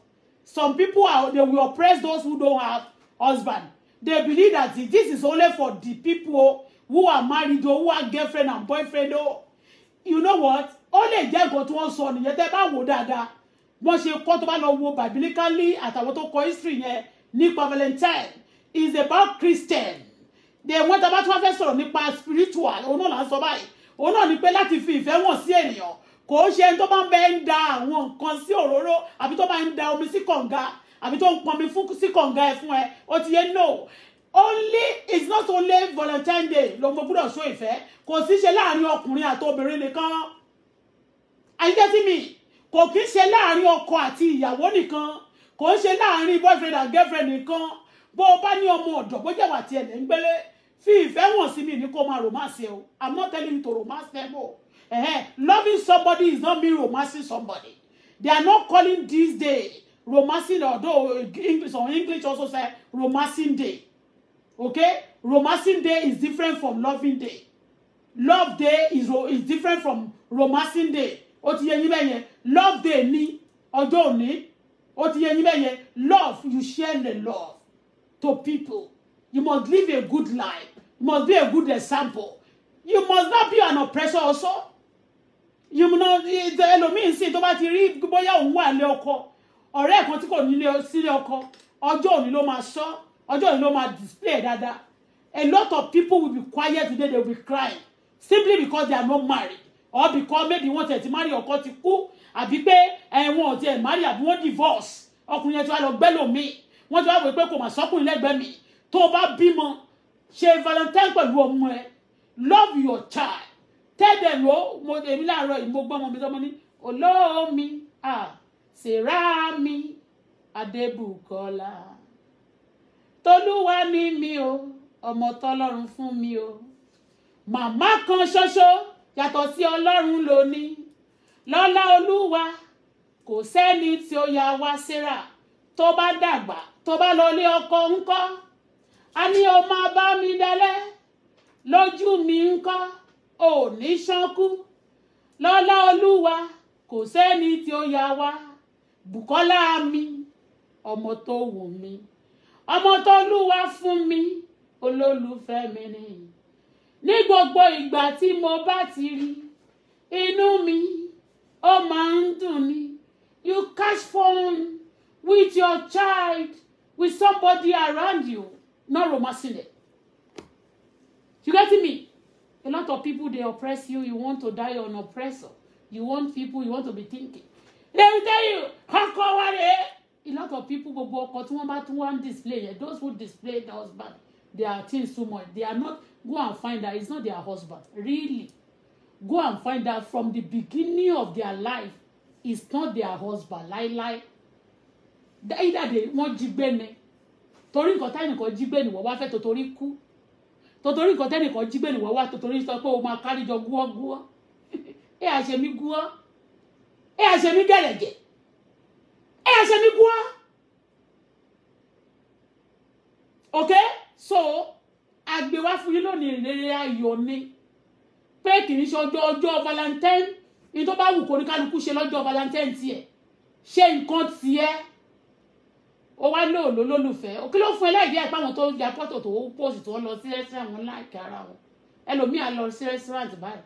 Some people are they will oppress those who don't have husband. They believe that this is only for the people who are married or who are girlfriend and boyfriend. Oh, you know what? ó lè jẹ́ nǹkan tí wọ́n sọ nìyẹn tẹ́ bá wò dáadáa wọ́n ṣe kọ́ tó bá lọ wo biblically àtàwọn tó kọ history yẹn nípa valentine is about christian the wọ́n tá a bá tún wá fẹ́ sọ̀rọ̀ nípa spiritual òun náà là ń sọ báyìí òun náà ni pé láti fi ìfẹ́ wọn sí ènìyàn kò ṣe ẹni tó bá ń bẹ ń da àwọn nǹkan sí òróró àbí tó bá ń da omi sí kànga àbí tó ń pọnmi fún sí kànga ẹ fún ẹ ó ti yé no only it's not only valentine day ló gbọ́dọ̀ ṣó ìfẹ́ kò sí ṣe láàrin ọkùnrin àti obìnrin nìkan àyíkẹ́sí mi kò kí ń ṣe láàrin ọkọ àti ìyàwó nìkan kò ń ṣe láàrin boyfriend and girlfriend nìkan bó o bá ní ọmọ ọ̀dọ̀ bó jẹ́ wà tiẹ̀ lẹ́ ń gbélé fi ìfẹ́ wọ̀n sí mi ní kó máa romance ẹ o i'm not telling you to romance them o eh, loving somebody is not me romancing somebody they are not calling this day romancing although english or english also say romancing day okay romancing day is different from loving day love day is, is different from romancing day ó ti yẹ yín bẹ́ẹ̀ yẹn love day ní ọjọ́ òní ó ti yẹ yín bẹ́ẹ̀ yẹn love you share the love to people you must live a good life you must be a good example you must not be an oppressor also you know ẹlòmíín sì tó bá ti rí bóyá òun wà lé ọkọ ọ̀rẹ́ kan tí kò nílé sílé ọkọ ọjọ́ òní ló máa sọ ọjọ́ òní ló máa display dáadáa a lot of people will be quiet today they will be crying simply because they are not married or because maybe wọ́n tẹ̀ ti marry ọkọ ti kú àbí pé ẹ̀wọ̀n ọ̀tí ẹ̀ marry àbí wọ́n divorce ọkùnrin yẹn ti wá lọ gbẹ́ lòmí wọ́n ti wá wò pé kò mà sọ́kùnrin lẹ́gbẹ̀ẹ́ mi tó o bá bímọ ṣe valentine pẹ̀lú ọmọ ẹ love your child tẹ́lẹ̀ ló oh, mo èmi láàárọ̀ yìí mo gbọ́ ọmọ mi tọ́mọ ní olómi sèràmì adébùkọ́lá tolúwa ni mi o ọmọ tọ́lọ́run fún mi o màmá kan ṣoṣo yàtọ̀ sí ọlọ́run lóní lọ́lá olúwa kò sẹ́ni tí ó ya wá síra tó bá dàgbà tó bá lọlé ọkọ ńkọ́ a ní o máa bá mi dalẹ̀ lójú mi ńkọ́ ò ní ṣánkú lọ́lá olúwa kò sẹ́ni tí ó ya wá bùkọ́lá mi ọmọ tó wù mí ọmọ tó lúwa fún mi olólùfẹ́ mi nìyí ní gbogbo ìgbà tí mo bá ti rí inú mi ó máa ń dùn mí you catch phone with your child with somebody around you no romancing it. you get me a lot of people dey oppress you you want to die on oppressor you want people you want to be thinking they will tell you ọkọ wa re a lot of people gbogbo ọkọ tí wọ́n bá tún wá ń display yẹn those who display the husband their things too much they are not go and find out it's not their husband really go and find out from the beginning of their life it's not their husband Lie, lie. either they wọ́n jí gbé ni torí nǹkan tẹ́nìkan jí gbé ni wọ́n wá fẹ́ tòtórí kú tòtórí nǹkan tẹ́nìkan jí gbé ni wọ́n wá tòtórí sọ pé o máa kárí jọ gúọ́gúọ́ ẹ àṣẹmí gúọ́ ẹ àṣẹmí gẹ̀rẹ̀jẹ̀ ẹ àṣẹmí gúọ́ okay so àgbè wá fún yín lónìí ìrere ayọ̀ ni pé kì í ṣe ọjọ́ ọjọ́ valentine ní tó bá wù kó ní kálukú ṣe lọ́jọ́ valentine tiẹ̀ ṣe nǹkan tiẹ̀ ó wá lò ló lólùfẹ́ kí ló fún ẹ láì jẹ́ ẹ̀pá àwọn tó ń ja pọ́tò tó pòsì tó ń lọ sí restaurant wọn láìka ara wọn ẹlòmíà lọ sí restaurant báyìí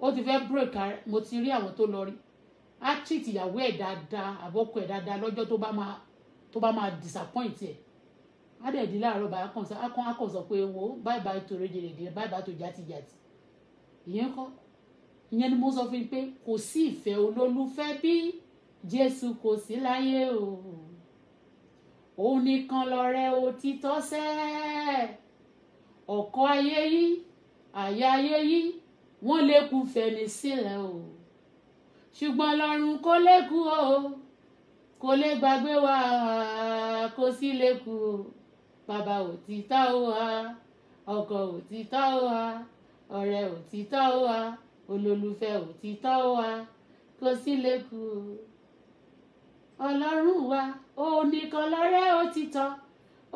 ó ti fẹ́ break ara mo ti rí àwọn tó lọ rí á treat ìyàwó ẹ̀ dáadáa àbọ̀kọ ẹ̀ dáadáa lọ́jọ́ tó bá máa tó bá máa disappoint ẹ̀ adẹ̀dí láàárọ̀ bá akàn akàn sọ pé wo báyìí báyìí tó rédè rèdè báyìí báyìí tó jàtìjàtì ìyẹn kọ́ ìyẹn ni mo sọ fún yín pé kò sí ìfẹ́ olólùfẹ́ bí Jésù kò sí láyé o òun nìkan lọ́rẹ́ òtítọ́ sẹ́ ọ̀kọ́ ayé yìí àyà ayé yìí wọ́n lè kú fẹ̀mí sílẹ̀ o ṣùgbọ́n lọ́run kò lè kú o kò lè gbàgbé wa kò sí lè kú o bàbá òtítọ́ ó wá ọkọ òtítọ́ ó wá ọ̀rẹ́ òtítọ́ ó wá olólùfẹ́ òtítọ́ ó wá kò sí lẹ́kù ọlọ́run wa òun nìkan lọ́rẹ́ òtítọ́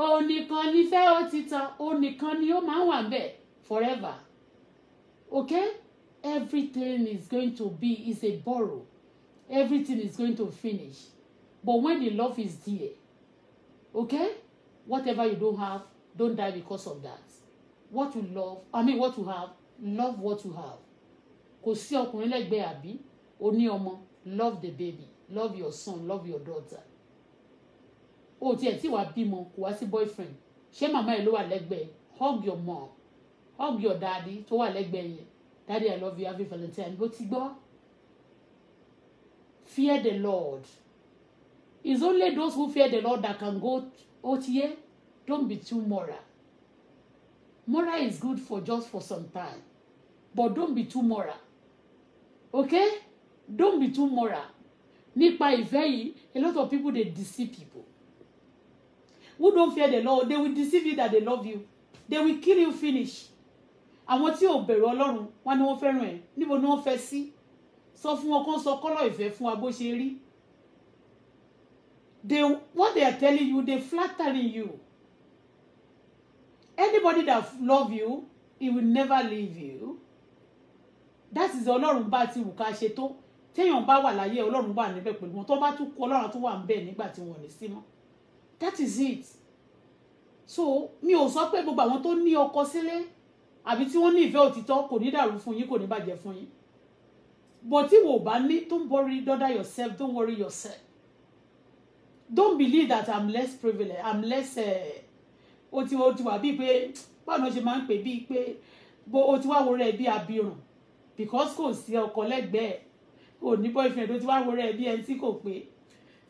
òun nìkan nífẹ́ òtítọ́ òun nìkan ni ó máa ń wà bẹ́ẹ̀ forever okay everything is going to be is a borrow everything is going to finish but when the love is there okay whatever you don't have don't die because of that what you love i mean what you have love what you have kò sí ọkùnrin lẹ́gbẹ̀ẹ́ àbí o ní ọmọ love the baby love your son love your daughter o tiẹ̀ tí wàá bímọ kò wá sí boyfriend ṣé màmá ẹ̀ ló wà lẹ́gbẹ̀ẹ́ hug your mom hug your daddy tó wà lẹ́gbẹ̀ẹ́ yẹn daddy i love you happy valentine bó ti gbọ́ fear the lord it's only those who fear the lord that can go Otiye, ti don't be too moral moral is good for just for some time but don't be too moral okay don't be too moral Nipa ife, yìí a lot of people dey deceive people who don't fear the Lord they will deceive you that they love you they will kill you finish àwọn tí ò bẹ̀rù ọlọ́run wọn ni wọ́n fẹ́ràn ẹ̀ níbo ni wọ́n fẹ́ sí sọ fún wọn sọ kọ́lọ̀ ìfẹ́ fún wa bó ṣe rí they what they are telling you they flattering you anybody that love you he will never leave you that is ọlọ́run bá ti wù ká ṣe tó téèyàn bá wà láyé ọlọ́run wà níbẹ̀ pẹ̀lú wọn tó bá tún kú ọlọ́run tó wà níbẹ̀ nígbà tí wọ́n ní sí mọ́ that is it so mi ò sọ pé gbogbo àwọn tó ní ọkọ sílé àbí tí wọ́n ní ìfẹ́ òtítọ́ kò ní dàrú fún yín kò ní bàjẹ́ fún yín but tí wò bá ní don't worry don't worry yourself don't believe that i'm less privileged i'm less eh, o ti o ti wà bíi pé báwo ni wọ́n ṣe máa ń pè bíi pé bó o ti wá wo rẹ̀ bíi abirùn because kò sí ọkọ lẹ́gbẹ̀ẹ́ o ní boyfriend o ti wá wo rẹ̀ bíi ẹni tí kò pé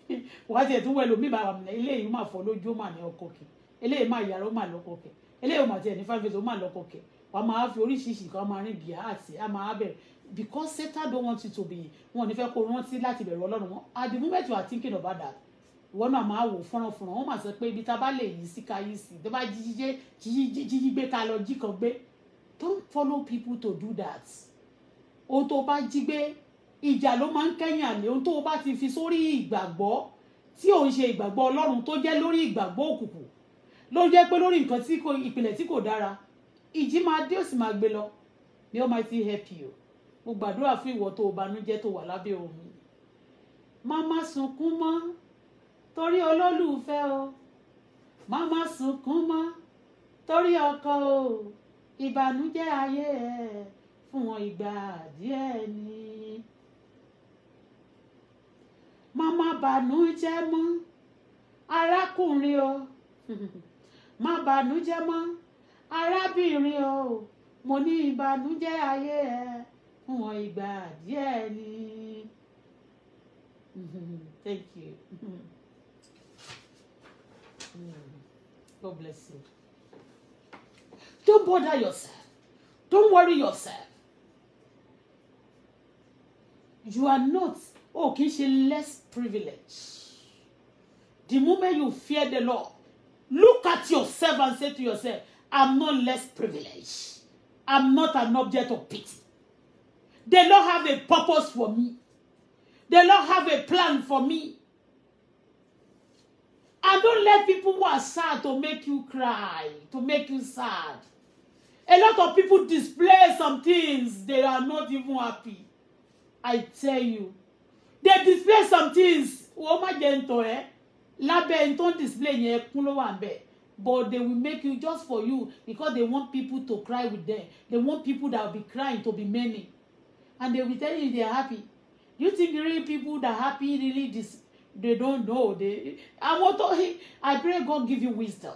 wàá tiẹ̀ tún wẹ̀ lómi bàbá mi eléyìí máa fọ́ lójú ó mà ní ọkọ kẹ̀ eléyìí máa yàrá ó mà lọ́kọ kẹ̀ eléyìí ó mà tiẹ̀ ní five years ó mà lọ́kọ kẹ̀ wàá máa fi oríṣiríṣi kan máa rìn bíi àti a máa bẹ̀rẹ̀ because Satan don't want you to be wọn ò ní fẹ́ kó rántí láti bẹ̀rù Ọlọ́run wọn at the moment you are thinking about that ìwọ náà máa wò fọ́nránfọ́nrán wọ́n máa sọ pé ibi tá a bá lè yí sí ká sí tó bá jíjíjé jíjí ká lọ jí kan gbé don't follow people to do that ohun tó bá jí gbé ìjà ló máa ń kẹ́yìn àlè ohun tó o bá ti fi sórí ìgbàgbọ́ tí ò ń ṣe ìgbàgbọ́ ọlọ́run tó jẹ́ lórí ìgbàgbọ́ òkùnkùn ló jẹ́ pé lórí nǹkan tí kò ìpìlẹ̀ tí kò dára ìjì máa dé ó sì máa gbé lọ may Almighty help you mo gbàdúrà fún ìwọ tó o banújẹ́ tó wà lábẹ́ omi má má sunkún mọ́ torí olólùfẹ́ o má má sunkún mọ́ torí ọkọ o ìbànújẹ́ ayé ẹ fún wọn ìgbà díẹ̀ ni má má bànújẹ́ mọ́ arákùnrin o má bànújẹ́ mọ́ arábìnrin o mo ní ìbànújẹ́ ayé ẹ fún wọn ìgbà díẹ̀ ni. Thank you. God bless you. Don't bother yourself. Don't worry yourself. You are not, oh, kì í less privileged. The moment you fear the Lord, look at yourself and say to yourself, I'm not less privileged. I'm not an object of pity. The Lord have a purpose for me. The Lord have a plan for me. And don't let people who are sad to make you cry, to make you sad. A lot of people display some things they are not even happy. I tell you. They display some things. Wọ́n má jẹ́ ntọ́ ẹ́. display yẹn kún ló wà ń But they will make you just for you because they want people to cry with them. They want people that will be crying to be many. And they will tell you they are happy. you think really people that are happy really display? they don't know they àwọn tó I pray God give you wisdom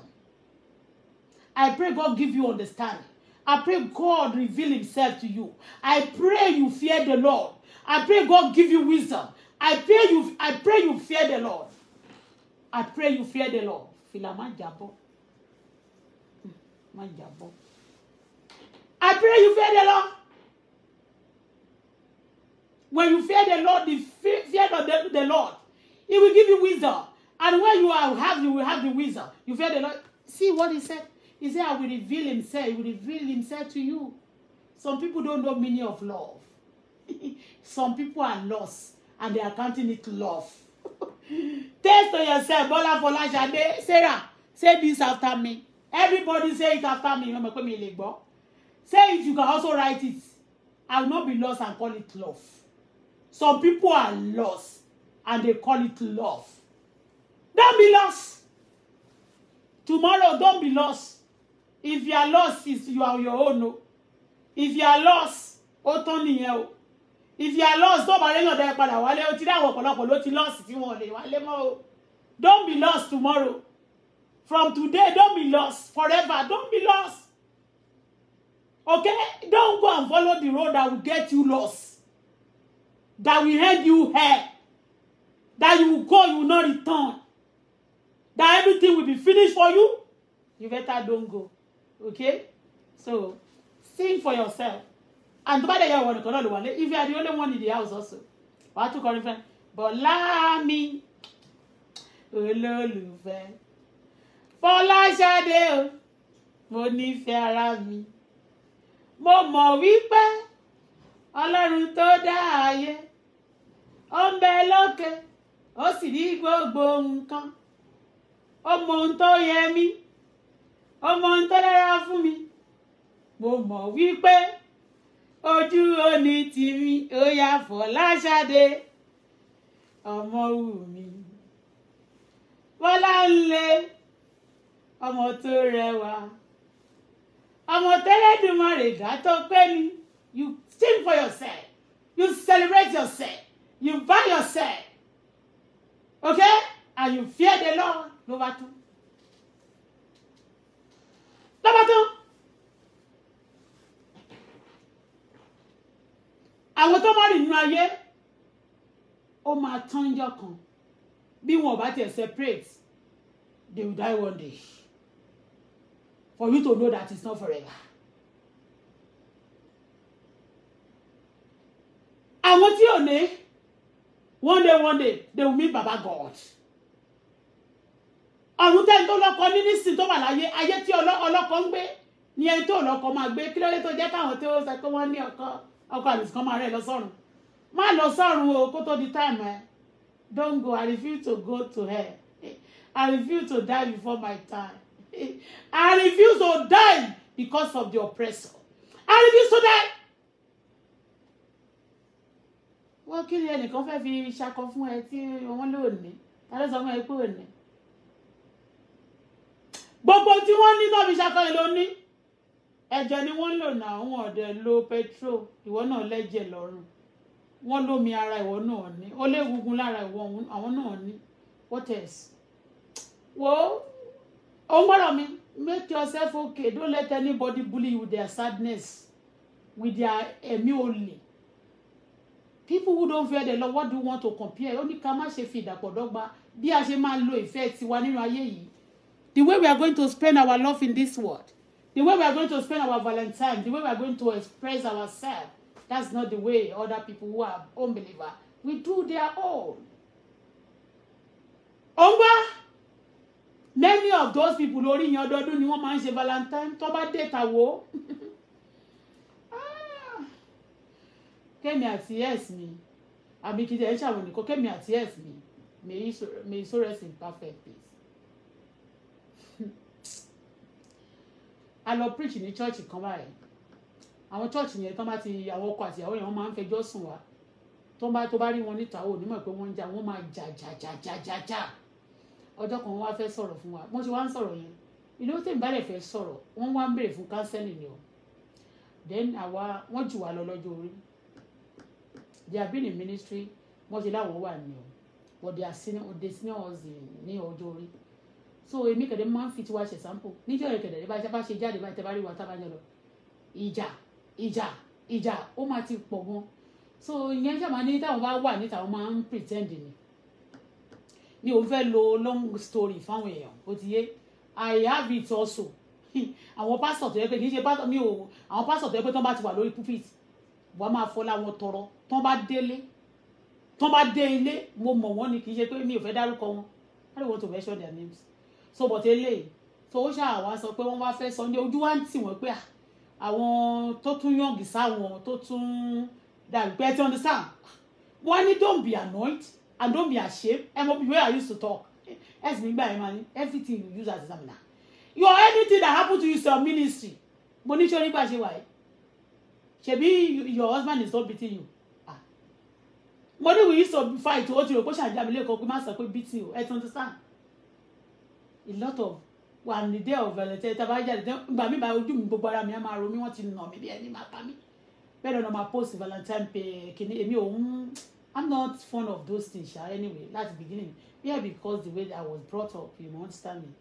I pray God give you understanding I pray God reveal himself to you I pray you fear the Lord I pray God give you wisdom I pray you I pray you fear the Lord I pray you fear the Lord fìlà jabo, man jabo. I pray you fear the Lord. When you fear the Lord, the fear of the, the Lord He will give you wisdom. And when you are, have, you will have the wisdom. You fear the Lord. See what he said? He said, I will reveal himself. He will reveal himself to you. Some people don't know meaning of love. Some people are lost and they are counting it love. Test on yourself, Bola Folashade, Sarah, say this after me. Everybody say it after me. Say it, you can also write it. I will not be lost and call it love. Some people are lost and they call it love. Don't be lost. Tomorrow, don't be lost. If you are lost, it's you are your own. Oh. If you are lost, ó tán oh. If you are lost, don't bá lẹ́yìn ọ̀dọ́ ẹ padà wálé o ti rí àwọn ọ̀pọ̀lọpọ̀ lost tí wọn ò oh. Don't be lost tomorrow. From today, don't be lost forever. Don't be lost. Okay? Don't go and follow the road that will get you lost. That will end you here that you will go, you will not return. That everything will be finished for you. You better don't go. Okay? So, sing for yourself. And the you want to call if you are the only one in the house also. What to call your friend? Bọ́lá mi, olólùfẹ́. Fọláṣadé o, mo nífẹ̀ẹ́ ara mi. Mo mọ̀ wípé Ọlọ́run tó dá ayé, ó ń bẹ lókè ó sì rí gbogbo nǹkan ó mọ ohun tó yẹ mí ó mọ ohun tó dára fún mi mo mọ̀ wípé ojú òní tìmí ó yá Fọláṣadé ọmọ wù mí bọ́lá ń lé ọmọ tó rẹwà ọmọ tẹ́lẹ̀dùnmọ̀ rẹ̀ dá pé ni you sing for yourself you celebrate yourself you buy yourself. Okay? And you fear the Lord. Number two. Number two. Àwọn tó bá rìn nínú ayé, ó máa tán jọ kan. Bí wọn ò bá tiẹ̀ separate, they will die one day. For you to know that it's not forever. Àwọn tí ò ní one day one day they will meet baba god ọ̀run tẹ́ ń tó lọ́kọ ní nísìn tó wà láyé ayé tí ọlọ́kọ ń gbé ní ẹni tó lọ́kọ máa gbé kí lóye tó jẹ́ káwọn tó sọ pé wọ́n ní ọkọ ọkọ àlùsí kan máa rẹ̀ lọ sọ́run má lọ sọ́run o kó tó di táìmù ẹ don't go i refuse to go to hell i refuse to die before my time i refuse to die because of the oppressor i refuse to die wọ́n kí ni ẹnìkan fẹ́ fi ṣakọ fún ẹ tí wọ́n lò ní ta ló sọ fún ẹ pé ò ní. gbogbo tí wọ́n ní tó fi ṣakọ ẹ ló ní ẹ̀jẹ̀ ni wọ́n lò náà àwọn ọ̀dẹ lo petrol ìwọ náà lẹ́jẹ̀ lọ́rùn wọ́n lómi ara ìwọ náà ní ó léegungun lára ìwọ àwọn náà ní what else. wo ohun gbọ́dọ̀ mi make yourself okay don't let anybody bully you with their sadness with their ẹ̀mí olè people who don't fear the Lord what do you want to compare ó ní ká má ṣe fi ìdàpọ̀ dọ́gba bí a ṣe máa lo ìfẹ́ tiwa nínú ayé yìí the way we are going to spend our love in this world the way we are going to spend our valentine the way we are going to express ourselves that's not the way other people who are unbeliever we do their own. ọgbà many of those people lórí yan ọdọọdún ni wọ́n máa ń ṣe valentine tó bá dé ta kémi àti ex mi àbí kìí ẹ ṣàwọn nìkan kémi àti ex mi may so rest in perfect peace. a lọ preach ní church kan báyìí àwọn church yẹn tó bá ti àwọn ọkọ àti ìyàwó yẹn wọ́n máa ń fẹjọ́ sùn wá tó bá tó bá rí wọn níta ò nímọ̀ pé wọ́n ń jà wọ́n máa jà jà jà jà jà jà ọjọ́ kan wọ́n wá fẹ́ sọ̀rọ̀ fún wa wọ́n ti wá ń sọ̀rọ̀ yẹn ìlú tí n bá lè fẹ́ sọ̀rọ̀ wọ́n wá ń béèrè fún kánsẹ́lì ni o then àwa wọ́n jù wá lọ lọ́jọ́ orí they have been in ministry wọ́n ṣe láwọn wà ní o but they are senior they us ní ọjọ́ orí so èmi kẹ̀dẹ̀ máa ń fi tiwa ṣe sample níjọ́ ìkẹ̀dẹ̀ bá ṣe bá ṣe jáde bá ṣe bá rí wa tábà yẹn lọ ìjà ìjà ìjà ó máa ti pọ̀ wọn so ìyẹn ṣàmà ní táwọn bá wà níta wọn máa ń pretend ni ni òun fẹ́ lo long story fáwọn èèyàn ó ti yé I have it also àwọn pásítọ̀ tó yẹ pé kì í ṣe pásítọ̀ mi ò àwọn pásítọ̀ tó yẹ pé tó bá ti wà lórí pulpit wàá máa fọlá wọn tọrọ tán bá délé tán bá dé ilé mo mọ̀ wọ́n ni kì í ṣe pé mi ò fẹ́ dárúkọ wọn I don't want to mention their names so but eléyìí so ó ṣáà wá sọ pé wọ́n wá fẹ́ sọ ní ojú wa ń tì wọ́n pé ah, àwọn tó tún yànjú sáwọn tó tún dàbí pé ẹ ti understand wọ́n ní don't be annoyed and don't be ashamed ẹ mọ̀ bí way I used to talk ẹ sì nígbà yẹn máa ní everything you use as examiner your anything that happen to you is your ministry mo ní sọ nígbà ṣe wà yìí ṣebí your husband is not beating you mo ní we used to fight ó ti rò pé ṣàjábílẹ̀ kan pé má sọ pé beating o ẹ ti understand a lot of wà ní dé ọ̀fẹ́ lẹ́tẹ́ tá a bá jáde tẹ́ gbà mí bá ojú mi gbogbo ara mi á máa ro mí wọ́n ti nà mí bí ẹni máa pa mí bẹ́ẹ̀ lọ́nà máa post valentine pay kìíní èmi òun i'm not fond of those things ṣá anyway láti beginning yeah because the way i was brought up you know understand me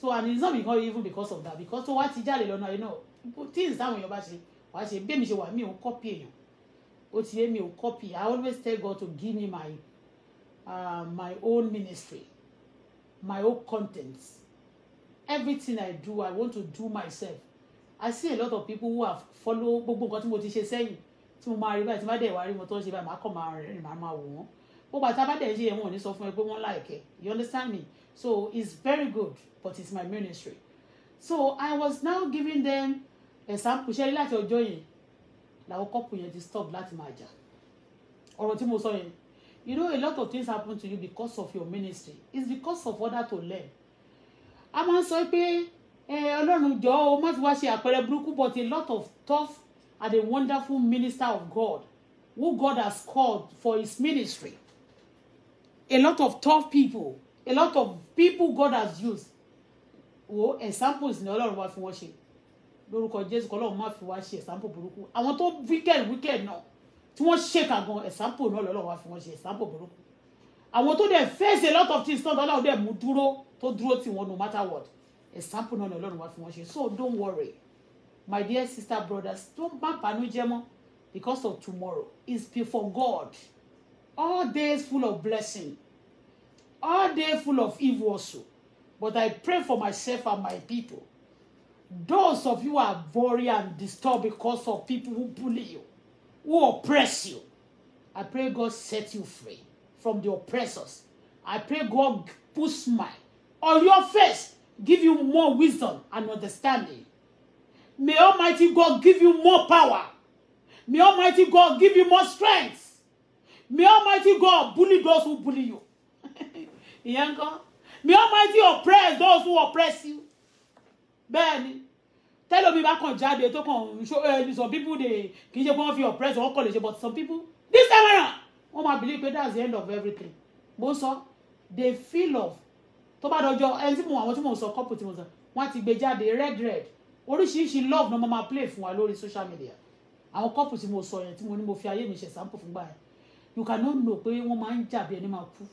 so and it's not because even because of that because tó wá ti jáde lọ́nà yìí náà things táwọn èèyàn bá ṣe wàá ṣe bí èmi ṣe wà mí òun kọ́pì èèyàn ó ti yé mi ò copy I always tell God to give me my uh, my own ministry my own content everything I do I want to do myself I see a lot of people who have follow gbogbo nǹkan tí mo ti ṣe sẹ́yìn tí mo máa rí báyìí tí mo bá dẹ̀ wá rí mo tó ń ṣe báyìí màá kàn máa rìn màá máa wò wọ́n gbogbo àti abádẹ̀ ṣe yẹn wọn ò ní sọ fún ẹ pé wọ́n láìkẹ́ you understand me so it's very good but it's my ministry so I was now giving them example ṣe láti ọjọ́ yẹn làwọn kọ́pù yẹn ti stop láti máa jà ọ̀rọ̀ tí mo sọ yẹn you know a lot of things happen to you because of your ministry it's because of order to learn a máa ń sọ pé ọlọ́run jọ o má ti wá ṣe àpẹẹrẹ burúkú but a lot of tough and a wonderful minister of God who God has called for his ministry a lot of tough people a lot of people God has used wo examples ni ọlọ́run wá fi wọ́n ṣe lórúkọ jésù kọlọ́run má fi wá ṣe example burúkú àwọn tó wicked wicked náà tí wọ́n ṣèkà gan example náà lọ́lọ́run wá fi wọ́n ṣe example burúkú àwọn tó dẹ̀ face a lot of things náà lọ́lọ́run dẹ̀ mú dúró tó dúró tì wọ́n no matter what example náà lọ́lọ́run wá fi wọ́n ṣe so don't worry my dear sister brothers don't má bànújẹ́ mọ́ because of tomorrow is before God all days full of blessing all days full of evil also but I pray for myself and my people Those of you are worried and disturbed because of people who bully you, who oppress you. I pray God set you free from the oppressors. I pray God put smile on your face, give you more wisdom and understanding. May Almighty God give you more power. May Almighty God give you more strength. May Almighty God bully those who bully you. May Almighty oppress those who oppress you bẹ́ẹ̀ ni tẹ́lómi bá kàn jáde tó kàn ṣó ẹ eh, some people dey kì í ṣe pé wọ́n fi oppress wọ́n kọ̀ lè ṣe but some people this time around wọ́n máa believe pé that's the end of everything mo sọ they feel love tó bá dọjọ́ ẹni tí mo àwọn tí mo sọ couple tí mo sọ wọ́n ti gbé jáde red red oríṣiríṣi love náà mo máa play fún wa lórí social media àwọn couple tí mo sọ yẹn tí mo ní mo fi ayé mi ṣe sample fún gbà yẹn you cannot know pé wọ́n máa ń jà bí ẹni máa kú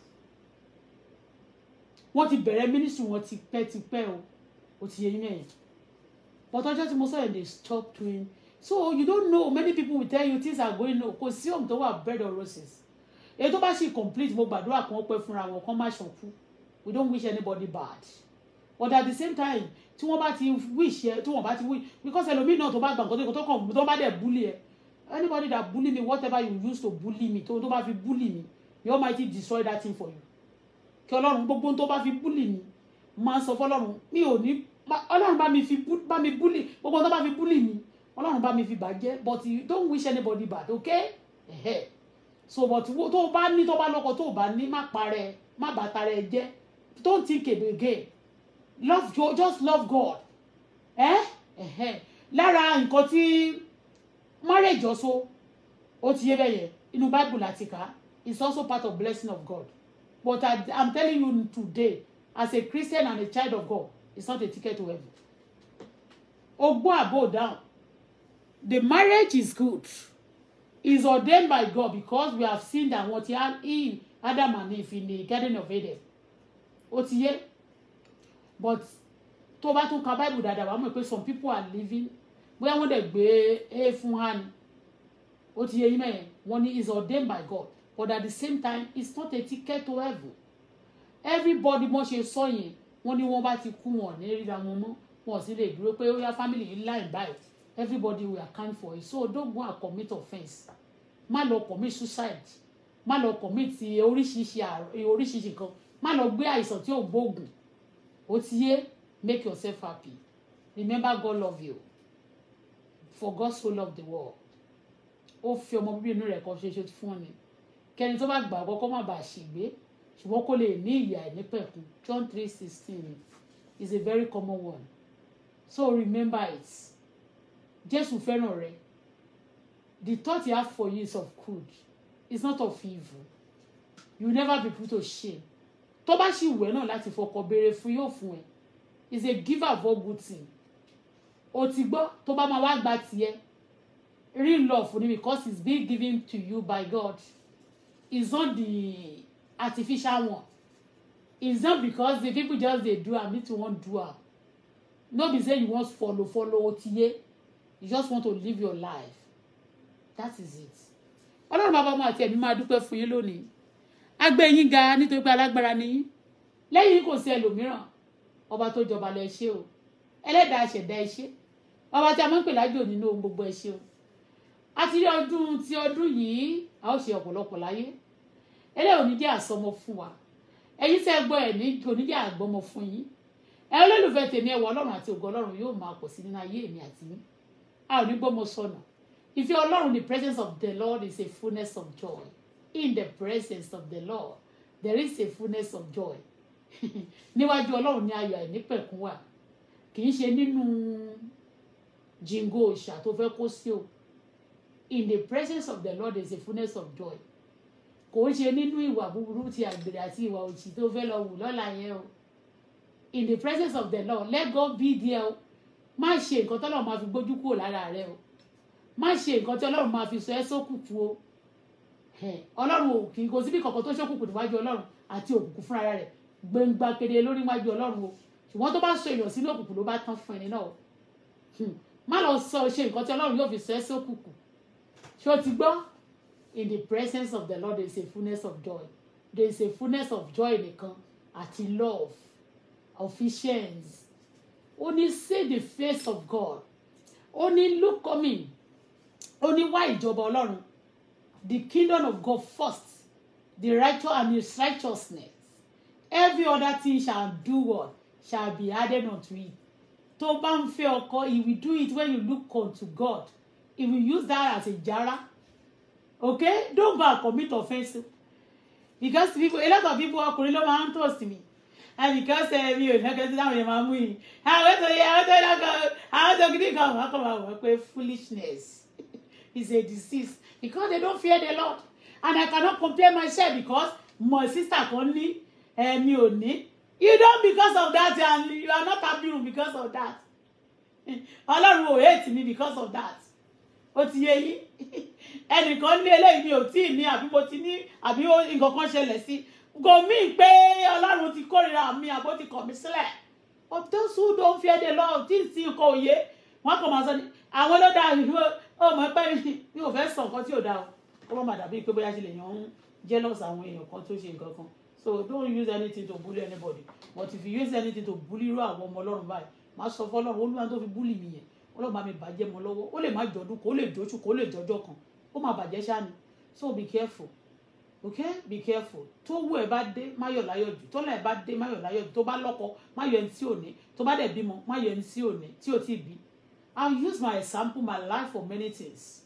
wọ́n ti bẹ̀rẹ̀ ministry wọn ti pẹ́ ti pẹ́ o ó ti yẹ but I just must say they stop doing so you don't know many people will tell you things are going on Because sí ohun tó wà bread or roses èyí tó bá sì complete mo gbàdúrà kan pẹ́ fúnra wọn kan má ṣànkú we don't wish anybody bad but at the same time to wọ́n bá ti wish To tí wọ́n bá ti wish because ẹlòmíì náà tó bá gbà nǹkan tó kàn tó bá dẹ̀ bully anybody that bully me whatever you use to bully me to tó bá fi bully me the Almighty destroy that thing for you kí ọlọ́run gbogbo tó bá fi bully me máa so fọlọ́run mi ò ní ọlọ́run bá mi fi bá mi búlì gbogbo tó bá fi búlì mi ọlọ́run bá mi fi bàjẹ́ but don't wish anybody bad okay so but tó o bá ní tó o bá lọ́kọ tó o bá ní má parẹ́ má bàtà rẹ̀ jẹ́ don't think again love just love God eh? Eh, lára nǹkan tí marriage ọ̀sọ́ ó ti yé bẹ́yẹ inú bible láti kà is also part of blessing of God but I'm telling you today as a Christian and a child of God It's not a ticket to heaven. Ogbo abo down. The marriage is good. It's ordained by God because we have seen that what he had in Adam and Eve in the Garden of Eden. Ó ti But tó bá tún ka Bible dáadáa wàá mọ̀ some people are living bóyá wọ́n dẹ̀ gbé e fún hàn ó ti yé is ordained by God but at the same time it's not a ticket to heaven everybody must ṣe sọ yẹn wọ́n ní wọ́n bá ti kú wọn ní ríra wọn mọ́ wọn sì lè dúró pé ó yá family yìí láì báyìí everybody will account for it so don't go and commit offence má lọ commit suicide má lọ commit oríṣiríṣi oríṣiríṣi kan má lọ gbé àìsàn tí ò gbóògùn ó ti yé make yourself happy remember God love you for God so love the world ó fi ọmọ bíbí inú rẹ̀ kan ṣoṣo fún ni kẹ́ni tó bá gbà kọ́kọ́ má bàa ṣègbé ṣùgbọ́n kó lè ní ìyà ìnípẹ̀kun John three sixteen is a very common one so remember it Jésù fẹ́ràn rẹ the thought you have for you is of good it's not of evil you never be put to shame tó bá sì wẹ̀ náà láti fọkàn béèrè fún yóò fún ẹ is a giver of all good thing o ti gbọ́ tó bá máa wá gba tiẹ̀ real love for me because it's being given to you by God it's not the artificial one Is not because the people just dey do am if you wan do am no be say you wan follow follow otiye you just want to live your life that is it ọlọ́run bàbá ọmọ àti ẹ̀mí máa dúpẹ́ fún yín lónìí a gbé yín ga nítorí pé alágbára ni yín lẹ́yìn kò sí ẹlòmíràn ọba tó jọba lẹ ṣé o ẹlẹ́dàá ṣẹ̀dá ẹ ṣé ọba tí a máa ń pè lájò nínú ohun gbogbo ẹ ṣé o àti rí ọdún ti ọdún yìí a ó ṣe ọ̀pọ̀lọpọ̀ láyé ẹlẹ́ oníjẹ́ àsọmọ fún wa ẹ̀yin tẹ́ gbọ́ ẹ̀ ní oníjẹ́ àgbọmọ fún yín ẹ olólùfẹ́ tèmi ẹ̀wọ̀ ọlọ́run àti ògo ọlọ́run yóò máa pọ̀ sí nínú ayé èmi àti yín a ò ní gbọ́mọ sọnà ìfẹ́ ọlọ́run the presence of the Lord is a fullness of joy in the presence of the Lord there is a fullness of joy níwájú ọlọ́run ní ayọ̀ àìnípẹ̀kún wà kì í ṣe nínú jingo òṣà tó fẹ́ kó sí o in the presence of the Lord there is a fullness of joy kò ń ṣe nínú ìwà búburú ti àgbèrè àti ìwà òṣì tó fẹ́ lọ wù lọ́la yẹn o in the presence of the Lord let God be there o má ṣe nǹkan tọ́lọ́run máa fi gbójú kúrò lára rẹ o má ṣe nǹkan tí ọlọ́run máa fi sọ ẹ́ sókùnkùn o ọlọ́run ò kì í kò síbi kankan tó ṣókùnkùn níwájú ọlọ́run àti òkùnkùn fúnra rẹ̀ gbẹ̀ngbà kedere lórí níwájú ọlọ́run o ṣùgbọ́n tó bá sọ èèyàn sínú òkùnkùn ló bá tán fún ẹni náà hmm. má lọ sọ ṣe nǹkan tí ọlọ́run yóò fi sọ ẹ́ sókùnkùn ṣé o ti gbọ́ in the presence of the Lord there is a fullness of joy there is a fullness of joy nìkan àti love officials ó ní see the face of God ó ní look coming ó ní wá ìjọba Ọlọ́run the kingdom of God first the righteous and his righteousness every other thing shall do what shall be added unto it tó bá ń fẹ́ ọkọ he will do it when you look unto God he will use that as a jara okay don't go and commit offence because people a lot of people are ló máa ń trust me and because ẹ eh, mi ò ní ọkẹ́ sí táwọn èèyàn máa mú yìí àwọn tó yẹ àwọn tó yẹ lọ́kọ̀ àwọn tó gidi kan wọ́n kọ́ foolishness is a disease because they don't fear the Lord and I cannot compare myself because my sister only, ní ẹ eh, mi you don because of that and you are not happy because of that A ọlọ́run ò hate me because of that What's your yé ẹnìkan ní eléyìí mi ò tí ì ní àbí mo ti ní àbí nǹkan kan ṣẹlẹ̀ sí gomi pé ọlọ́run ti kórìíra mi àbó ti kọ̀ mí sílẹ̀ of those who don't fear the Lord tí ì sí nǹkan òye wọn kàn máa sọ ni àwọn ló dáa ìlú ọmọ ẹgbẹ́ mi ò fẹ́ sọ nǹkan tí ò dáa o kó má dàbí pé bóyá ṣe lè yan jealous àwọn èèyàn kan tó ṣe nǹkan kan so don't use anything to bully anybody but if you use anything to bully irú àwọn ọmọ ọlọ́run báyìí máa sọ fọlọ́run olúwa tó fi búlì mi yẹn ọlọ́run bá mi bàjẹ́ mọ́ lọ́wọ́ ó lè má jọdún kó lè jọṣù kó lè jọjọ́ kan ó máa bàjẹ́ ṣá so be careful okay be careful tó wù ẹ bá dé má yọ̀ láyọ̀ jù tó lẹ̀ bá dé má yọ̀ láyọ̀ jù tó bá lọ́kọ má yọ̀ ẹni tí ò ní tó bá dẹ̀ bímọ má yọ̀ ẹni tí ò ní tí ò tí bí i use my example my life for many things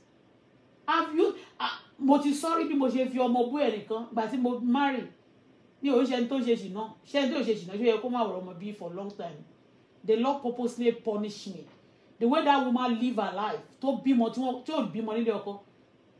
have you mo ti sọ́rí bí mo ṣe fi ọmọ bú ẹnìkan gbà tí mo marry ní òun ṣe ẹni tó ṣe ṣìnà ṣe ẹni tó ṣe ṣìnà ṣe yẹ kó má wọ̀rọ̀ ọmọ bí for long time the Lord purposely punish me the way that woman live her life tó bímọ tí ò bímọ nílé ọkọ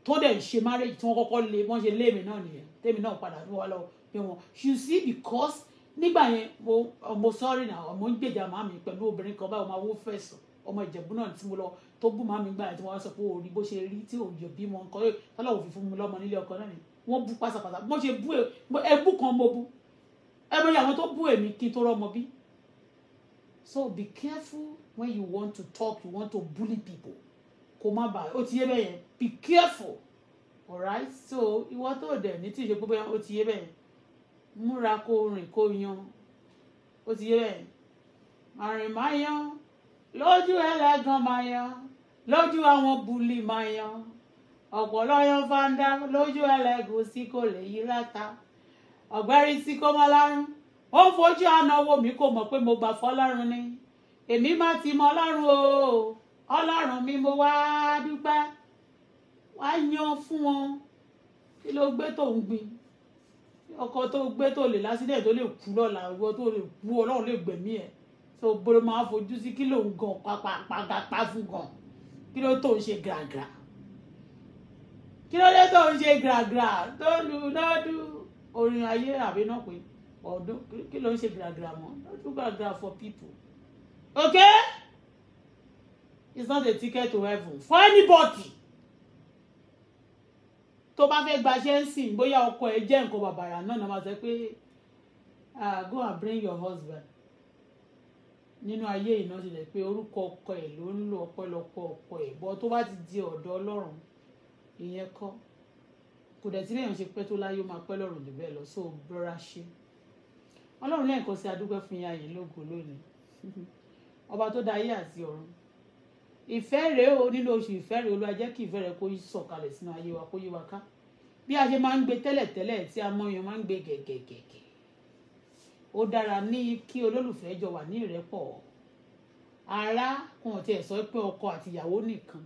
tó dẹ̀ ń ṣe marriage tí wọ́n kọ́kọ́ lé wọ́n ṣe léèmí náà nìyẹn tèmi náà padà ní wọ́n lọ pé wọn you see because nígbà yẹn mo mo sorry náà mo ń gbèjà màá mi pẹ̀lú obìnrin kan báyìí mo máa wó fẹ̀sùn ọmọ ìjẹ̀bú náà tí mo lọ tó bú màá mi gbà tí wọ́n sọ pé o rí bó ṣe rí tí òòjò bí mo ń kọ́ ẹ̀ tọ́lọ̀ òfin fún mi lọ́mọ nílé ọkọ náà ni wọ́n bú pásápásá mo ṣe bú ẹbú kan mo bú ẹbú àwọn tó bú èmi kí n tó rọ́mọ bí. so be careful when you want to talk you want to bully people kò má bàa ó ti yé bẹ́yẹn be careful alright so ìwọ tó dẹ̀ ní tí ìṣe gbogbo yẹn ó ti yé bẹ́ẹ̀ múra kó rìn kó yan ó ti yé bẹ́ẹ̀ àrìn máa yan lójú ẹlẹ́gàn máa yan lójú àwọn bulí máa yan ọ̀pọ̀lọ́ yan fanda lójú ẹlẹ́gùsí kò lè yí láta ọ̀gbẹ́rì sí kó mọ́ lárùn ó ń fojú àna wo mi kò mọ̀ pé mo gbà fọ́lọ́run ni èmi má ti mọ ọlọ́run o ọlọ́run mi mo wá dúpẹ́ wàá yan fún wọn kí ló gbé tó ń gbin ọkọ tó gbé tó lè lásìlẹ̀ tó lè kú lọ́la ìwọ tó lè kú ọlọ́run lè gbẹ̀mí ẹ̀ tó bolo máa fojú sí kí ló ń gan pàpàpàgàpà fún gan kí ló tó ń ṣe gàgà kí ló dé tó ń ṣe gàgà tó lu náà orin ayé àbí náà pé ọdún kí ló ń ṣe gàgà mọ́ no gàgà for people okay it's not a ticket to heaven for anybody tó bá fẹ́ gbaṣẹ́ ń sìn bóyá ọkọ ẹ jẹ́ nǹkan bàbàrà náà náà máa sọ pé go and bring your husband nínú ayé iná ti lẹ̀ pé orúkọ ọkọ ẹ̀ ló ń lo ọ̀pọ̀lọpọ̀ ọkọ ẹ̀ bọ́ tó bá ti di ọ̀dọ̀ ọlọ́run ìyẹn kọ́ kò dẹ̀ tí lèèyàn ṣe pẹ́ tó láyé ó máa pẹ́ lọ́rùn jù bẹ́ẹ̀ lọ so rọra ṣe ọlọ́run lẹ́ẹ̀kan sí adúgbò fún yín ayé lógo lónìí ọba tó dá ayé àti ọ̀run ìfẹ́ rèé o nínú oṣù ìfẹ́ rèé Olúwa jẹ́ kí ìfẹ́ rẹ̀ kó sọ̀kalẹ̀ sínú ayé wa kó yí wa ká bí a ṣe máa ń gbé tẹ́lẹ̀tẹ́lẹ̀ tí a mọyàn máa ń gbé gẹ̀gẹ̀gẹ̀gẹ̀ ó dára ní kí olólùfẹ́ jọ wà ní ìrẹ́pọ̀ ará kan ti ẹ̀ sọ pé ọkọ àti ìyàwó nìkan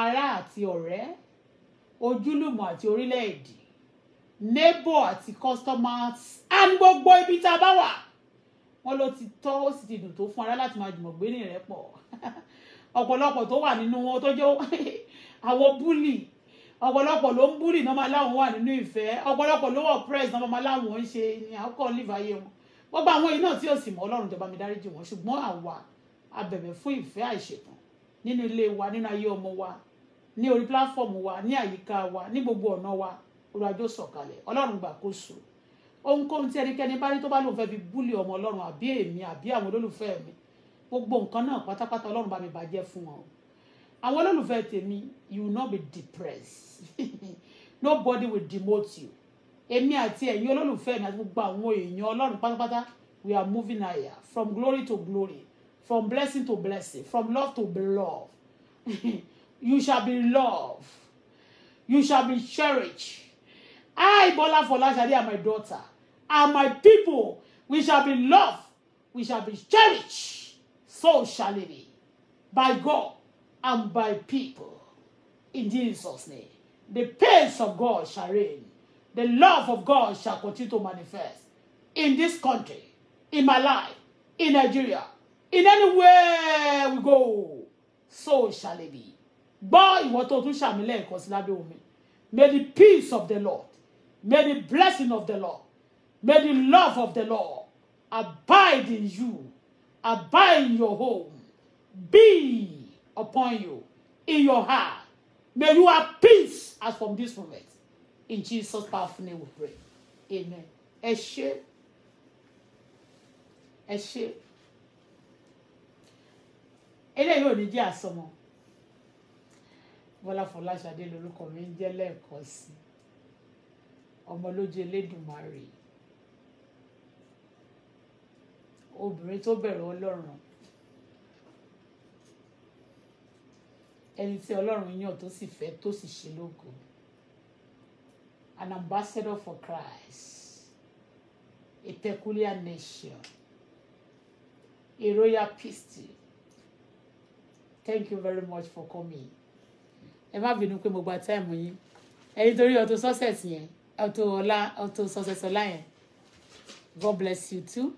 ará àti ọ̀rẹ́ ojúlùmọ̀ àti orílẹ̀-èdè neighbor àti customers and gbogbo ibi tá a bá wà wọ́n ló ti tọ́ ó sì ti dùn tó fún ará láti máa jùmọ̀ gbé ní ìrẹ́pọ̀ ọ̀pọ̀lọpọ̀ tó wà nínú wọn tó jẹ́ àwọn búlì ọ̀pọ̀lọpọ̀ ló ń búlì náà máa láwọn wà nínú ìfẹ́ ọ̀pọ̀lọpọ̀ ló wọ̀ press náà máa láwọn ń ṣe ni àkọ́ nífàyè wọn gbogbo àwọn yìí náà tí ò sì mọ ọlọ́run tó mi ṣùgbọ́n àwa a bẹ̀bẹ̀ fún ìfẹ́ àìṣẹ̀tàn nínú ilé wa nínú ayé ọmọ wa ní orí wa ní gbogbo ọ̀nà wa olùwàjò sọ̀kalẹ̀ ọlọ́run ohunkóhun tí ẹnikẹ́ni bá rí ọmọ ọlọ́run gbogbo nǹkan náà pátápátá ọlọ́run bá mi bàjẹ́ fún wọn àwọn olólùfẹ́ tèmi you will not be depressed nobody will demote you èmi àti ẹ̀yin olólùfẹ́ mi àti gbogbo àwọn èèyàn ọlọ́run pátápátá we are moving higher from glory to glory from blessing to blessing from love to love you shall be love. you shall be cherished I Bola Folashade and my daughter and my people we shall be love. we shall be cherished so shall it be by God and by people. In Jesus' name, the peace of God shall reign. The love of God shall continue to manifest in this country, in my life, in Nigeria, in anywhere we go. So shall it be. Gbọ́ ìwọ tó tún ṣàmì lẹ́ẹ̀kan May the peace of the Lord, may the blessing of the Lord, may the love of the Lord abide in you abide in your home, be upon you, in your heart. May you have peace as from this moment. In Jesus' powerful name we pray. Amen. Ẹ ṣé. Ẹ ṣé. Eléyìí ò ní jẹ́ àsọmọ́. Bọ́lá Fọláṣadé lorúkọ mi ń jẹ́ lẹ́ẹ̀kan sí. Ọmọ lójú Elédùmarè. obìnrin tó bẹ̀rù ọlọ́run ẹni tí ọlọ́run yàn tó sì fẹ́ tó sì ṣe lógo an ambassador for Christ a peculiar nation a royal priesthood thank you very much for coming ẹ má bínú pé mo gba táìmù yín ẹni torí Auto Success yẹn Auto ọlá Auto Success ọlá yẹn God bless you too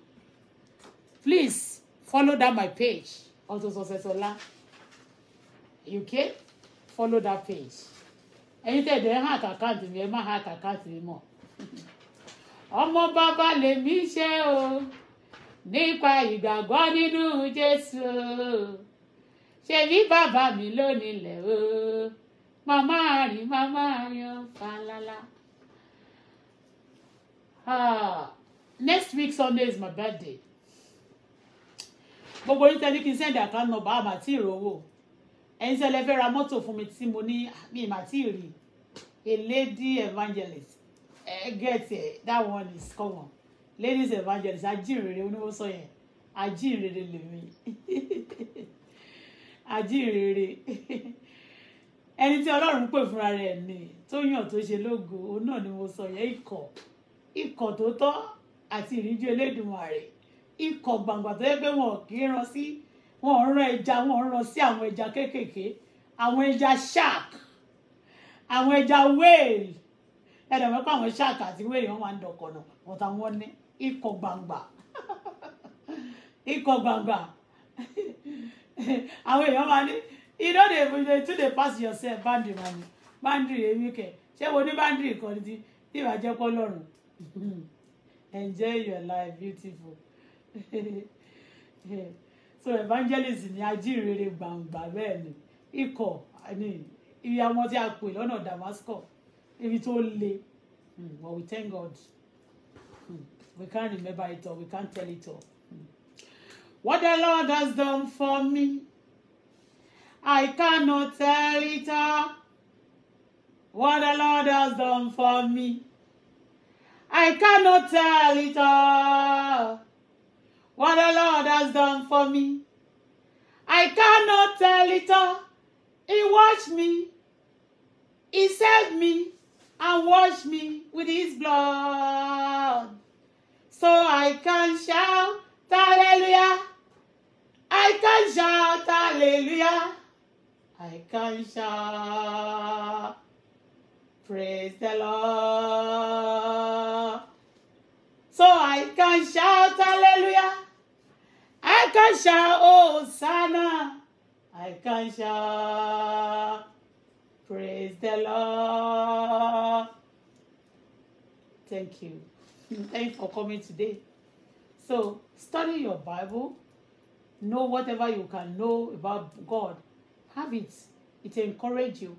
please follow that my page Auto Success UK follow that page ẹ̀yin tẹ̀ dẹ̀ hack account mi ẹ má hack account mi mọ́ ọmọ bàbá lèmi ṣe o nípa ìgbàgbọ́ nínú Jésù ṣebí bàbá mi ló nílẹ̀ o màmá rìn màmá yan falala. Ah, next week Sunday is my birthday gbogbo yín tẹ́lẹ̀ kí n send account number àmà tí ì rówó ẹ̀yin tẹ́lẹ̀ fẹ́ ra mọ́tò fún mi tí mo ní mi mà tí ì rí a lady evangelist ẹ get it that one is common ladies evangelist ajínrere oníwó sọ yẹn ajínrere lèmi ajínrere ẹni tí ọlọ́run pè fúnra rẹ̀ ni tó yàn tó ṣe lógo òun náà ni mo sọ yẹn ikọ̀ ikọ̀ tó tọ́ àti ìríjú Elédùmarè ikọ̀ gbàngbà tó yẹ pé wọn ò kì í ran sí wọn ò ran ẹja wọn ò ran sí àwọn ẹja kéékèèké àwọn ẹja shark àwọn ẹja whale ẹ̀dọ̀ mẹ́pẹ́ àwọn shark àti whale wọn máa ń dọ̀kọ̀nà ọ̀tá wọn ní ikọ̀ gbàngbà ikọ̀ gbàngbà àwọn èèyàn máa ní you no dey you dey too dey pass yourself boundary mami boundary èmi kẹ ṣé wo ní boundary kan ti tí ìbàjẹ́ pọ́ lọ́rùn enjoy your life beautiful. so evangelist ni ajínrere gbàǹgbà bẹ́ẹ̀ ni ikọ̀ ni iye ọmọ tí a pè lọ́nà Damascus ibi tó le hmm, but we thank God hmm, we can't remember it all we can't tell it all hmm. what the Lord has done for me I cannot tell it all what the Lord has done for me I cannot tell it all what the Lord has done for me. I cannot tell it all. He washed me. He saved me and washed me with his blood. So I can shout hallelujah. I can shout hallelujah. I can shout praise the Lord. So I can shout hallelujah. I can shout, oh, Sana. I can shout, praise the Lord. Thank you. Thank you for coming today. So, study your Bible. Know whatever you can know about God. Have it. It encourage you.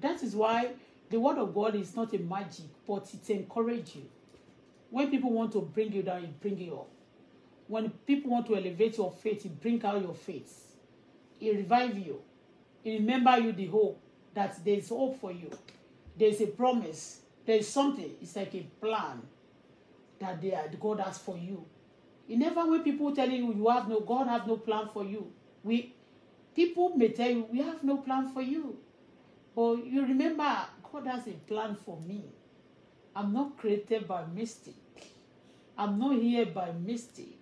That is why the word of God is not a magic, but it encourage you. When people want to bring you down, it bring you up. When people want to elevate your faith, it bring out your faith. It revive you. It remember you the hope that there is hope for you. There is a promise. There is something. It's like a plan that they are, God has for you. You never when people telling you you have no God have no plan for you. We people may tell you we have no plan for you. But you remember God has a plan for me. I'm not created by mistake. I'm not here by mistake.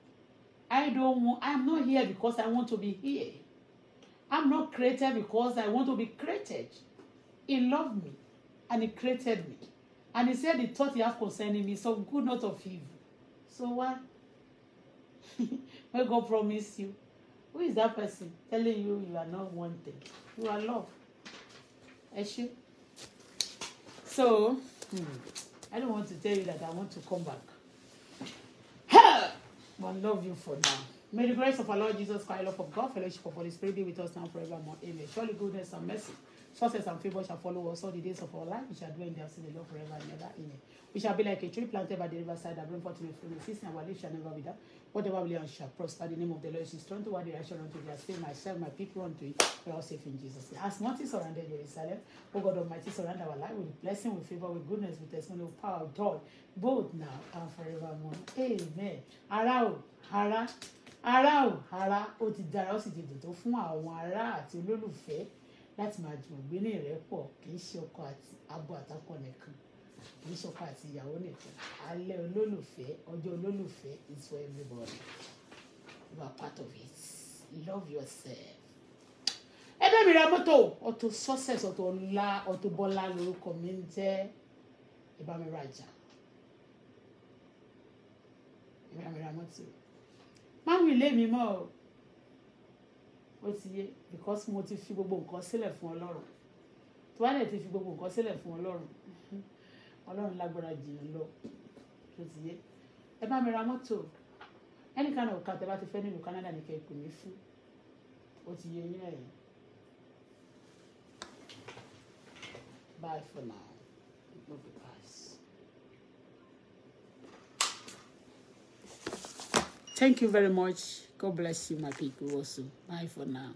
I don't want, I'm not here because I want to be here. I'm not created because I want to be created. He loved me and He created me. And He said the thought He has concerning me, so good not of evil. So what? May God promise you, who is that person telling you you are not wanted? You are loved. Eshe. So, hmm, I don't want to tell you that I want to come back. But love you for now. May the grace of our Lord Jesus Christ, love of God, fellowship of Holy Spirit be with us now forevermore. Amen. Surely goodness and mercy Success and favor shall follow us all the days of our life. We shall dwell in the house of the Lord forever and ever. Amen. We shall be like a tree planted by the riverside that bring forth to fruit of season. Our leaf shall never be down. Whatever we learn shall prosper. The name of the Lord is strong to toward the righteous unto their spirit. Myself, my people unto it. We are all safe in Jesus' name. As nothing surrounded Jerusalem, O God Almighty, surround our life with blessing, with favor, with goodness, with testimony, with power, with God, both now and forevermore. Amen. Ara o, ara, ara o, ara, ó ti dára, ó sì ti dùn tó fún àwọn ará àti láti máa jùmọ̀ gbé ní ìrẹ́pọ̀ kì í ṣe ọkọ àti abo àtakọ nìkan kì í ṣe ọkọ àti ìyàwó nìkan alẹ́ olólùfẹ́ ọjọ́ olólùfẹ́ is for everybody you are part of it love yourself. ẹgbẹ́ mi ra mọ́tò Auto Success Auto Ọlá Auto Bọ́lá lórúkọ mi ń jẹ́ ìbá mi rajà ìbá mi ra mọ́tò má mi mọ́ o ó ti yé because mo ti fi gbogbo nǹkan sílẹ̀ fún ọlọ́run tí wọ́n lè ti fi gbogbo nǹkan sílẹ̀ fún ọlọ́run ọlọ́run lágbára jìyàn lọ ó ti yé ẹ bá mi ra mọ́tò ẹnì kan náà kà tẹ́ bá ti fẹ́ nínú Canada ní kẹ́ ẹ pè mí fún ó ti yé yín ẹ̀yìn bye for now it will be past. Thank you very much. God bless you, my people, also. Bye for now.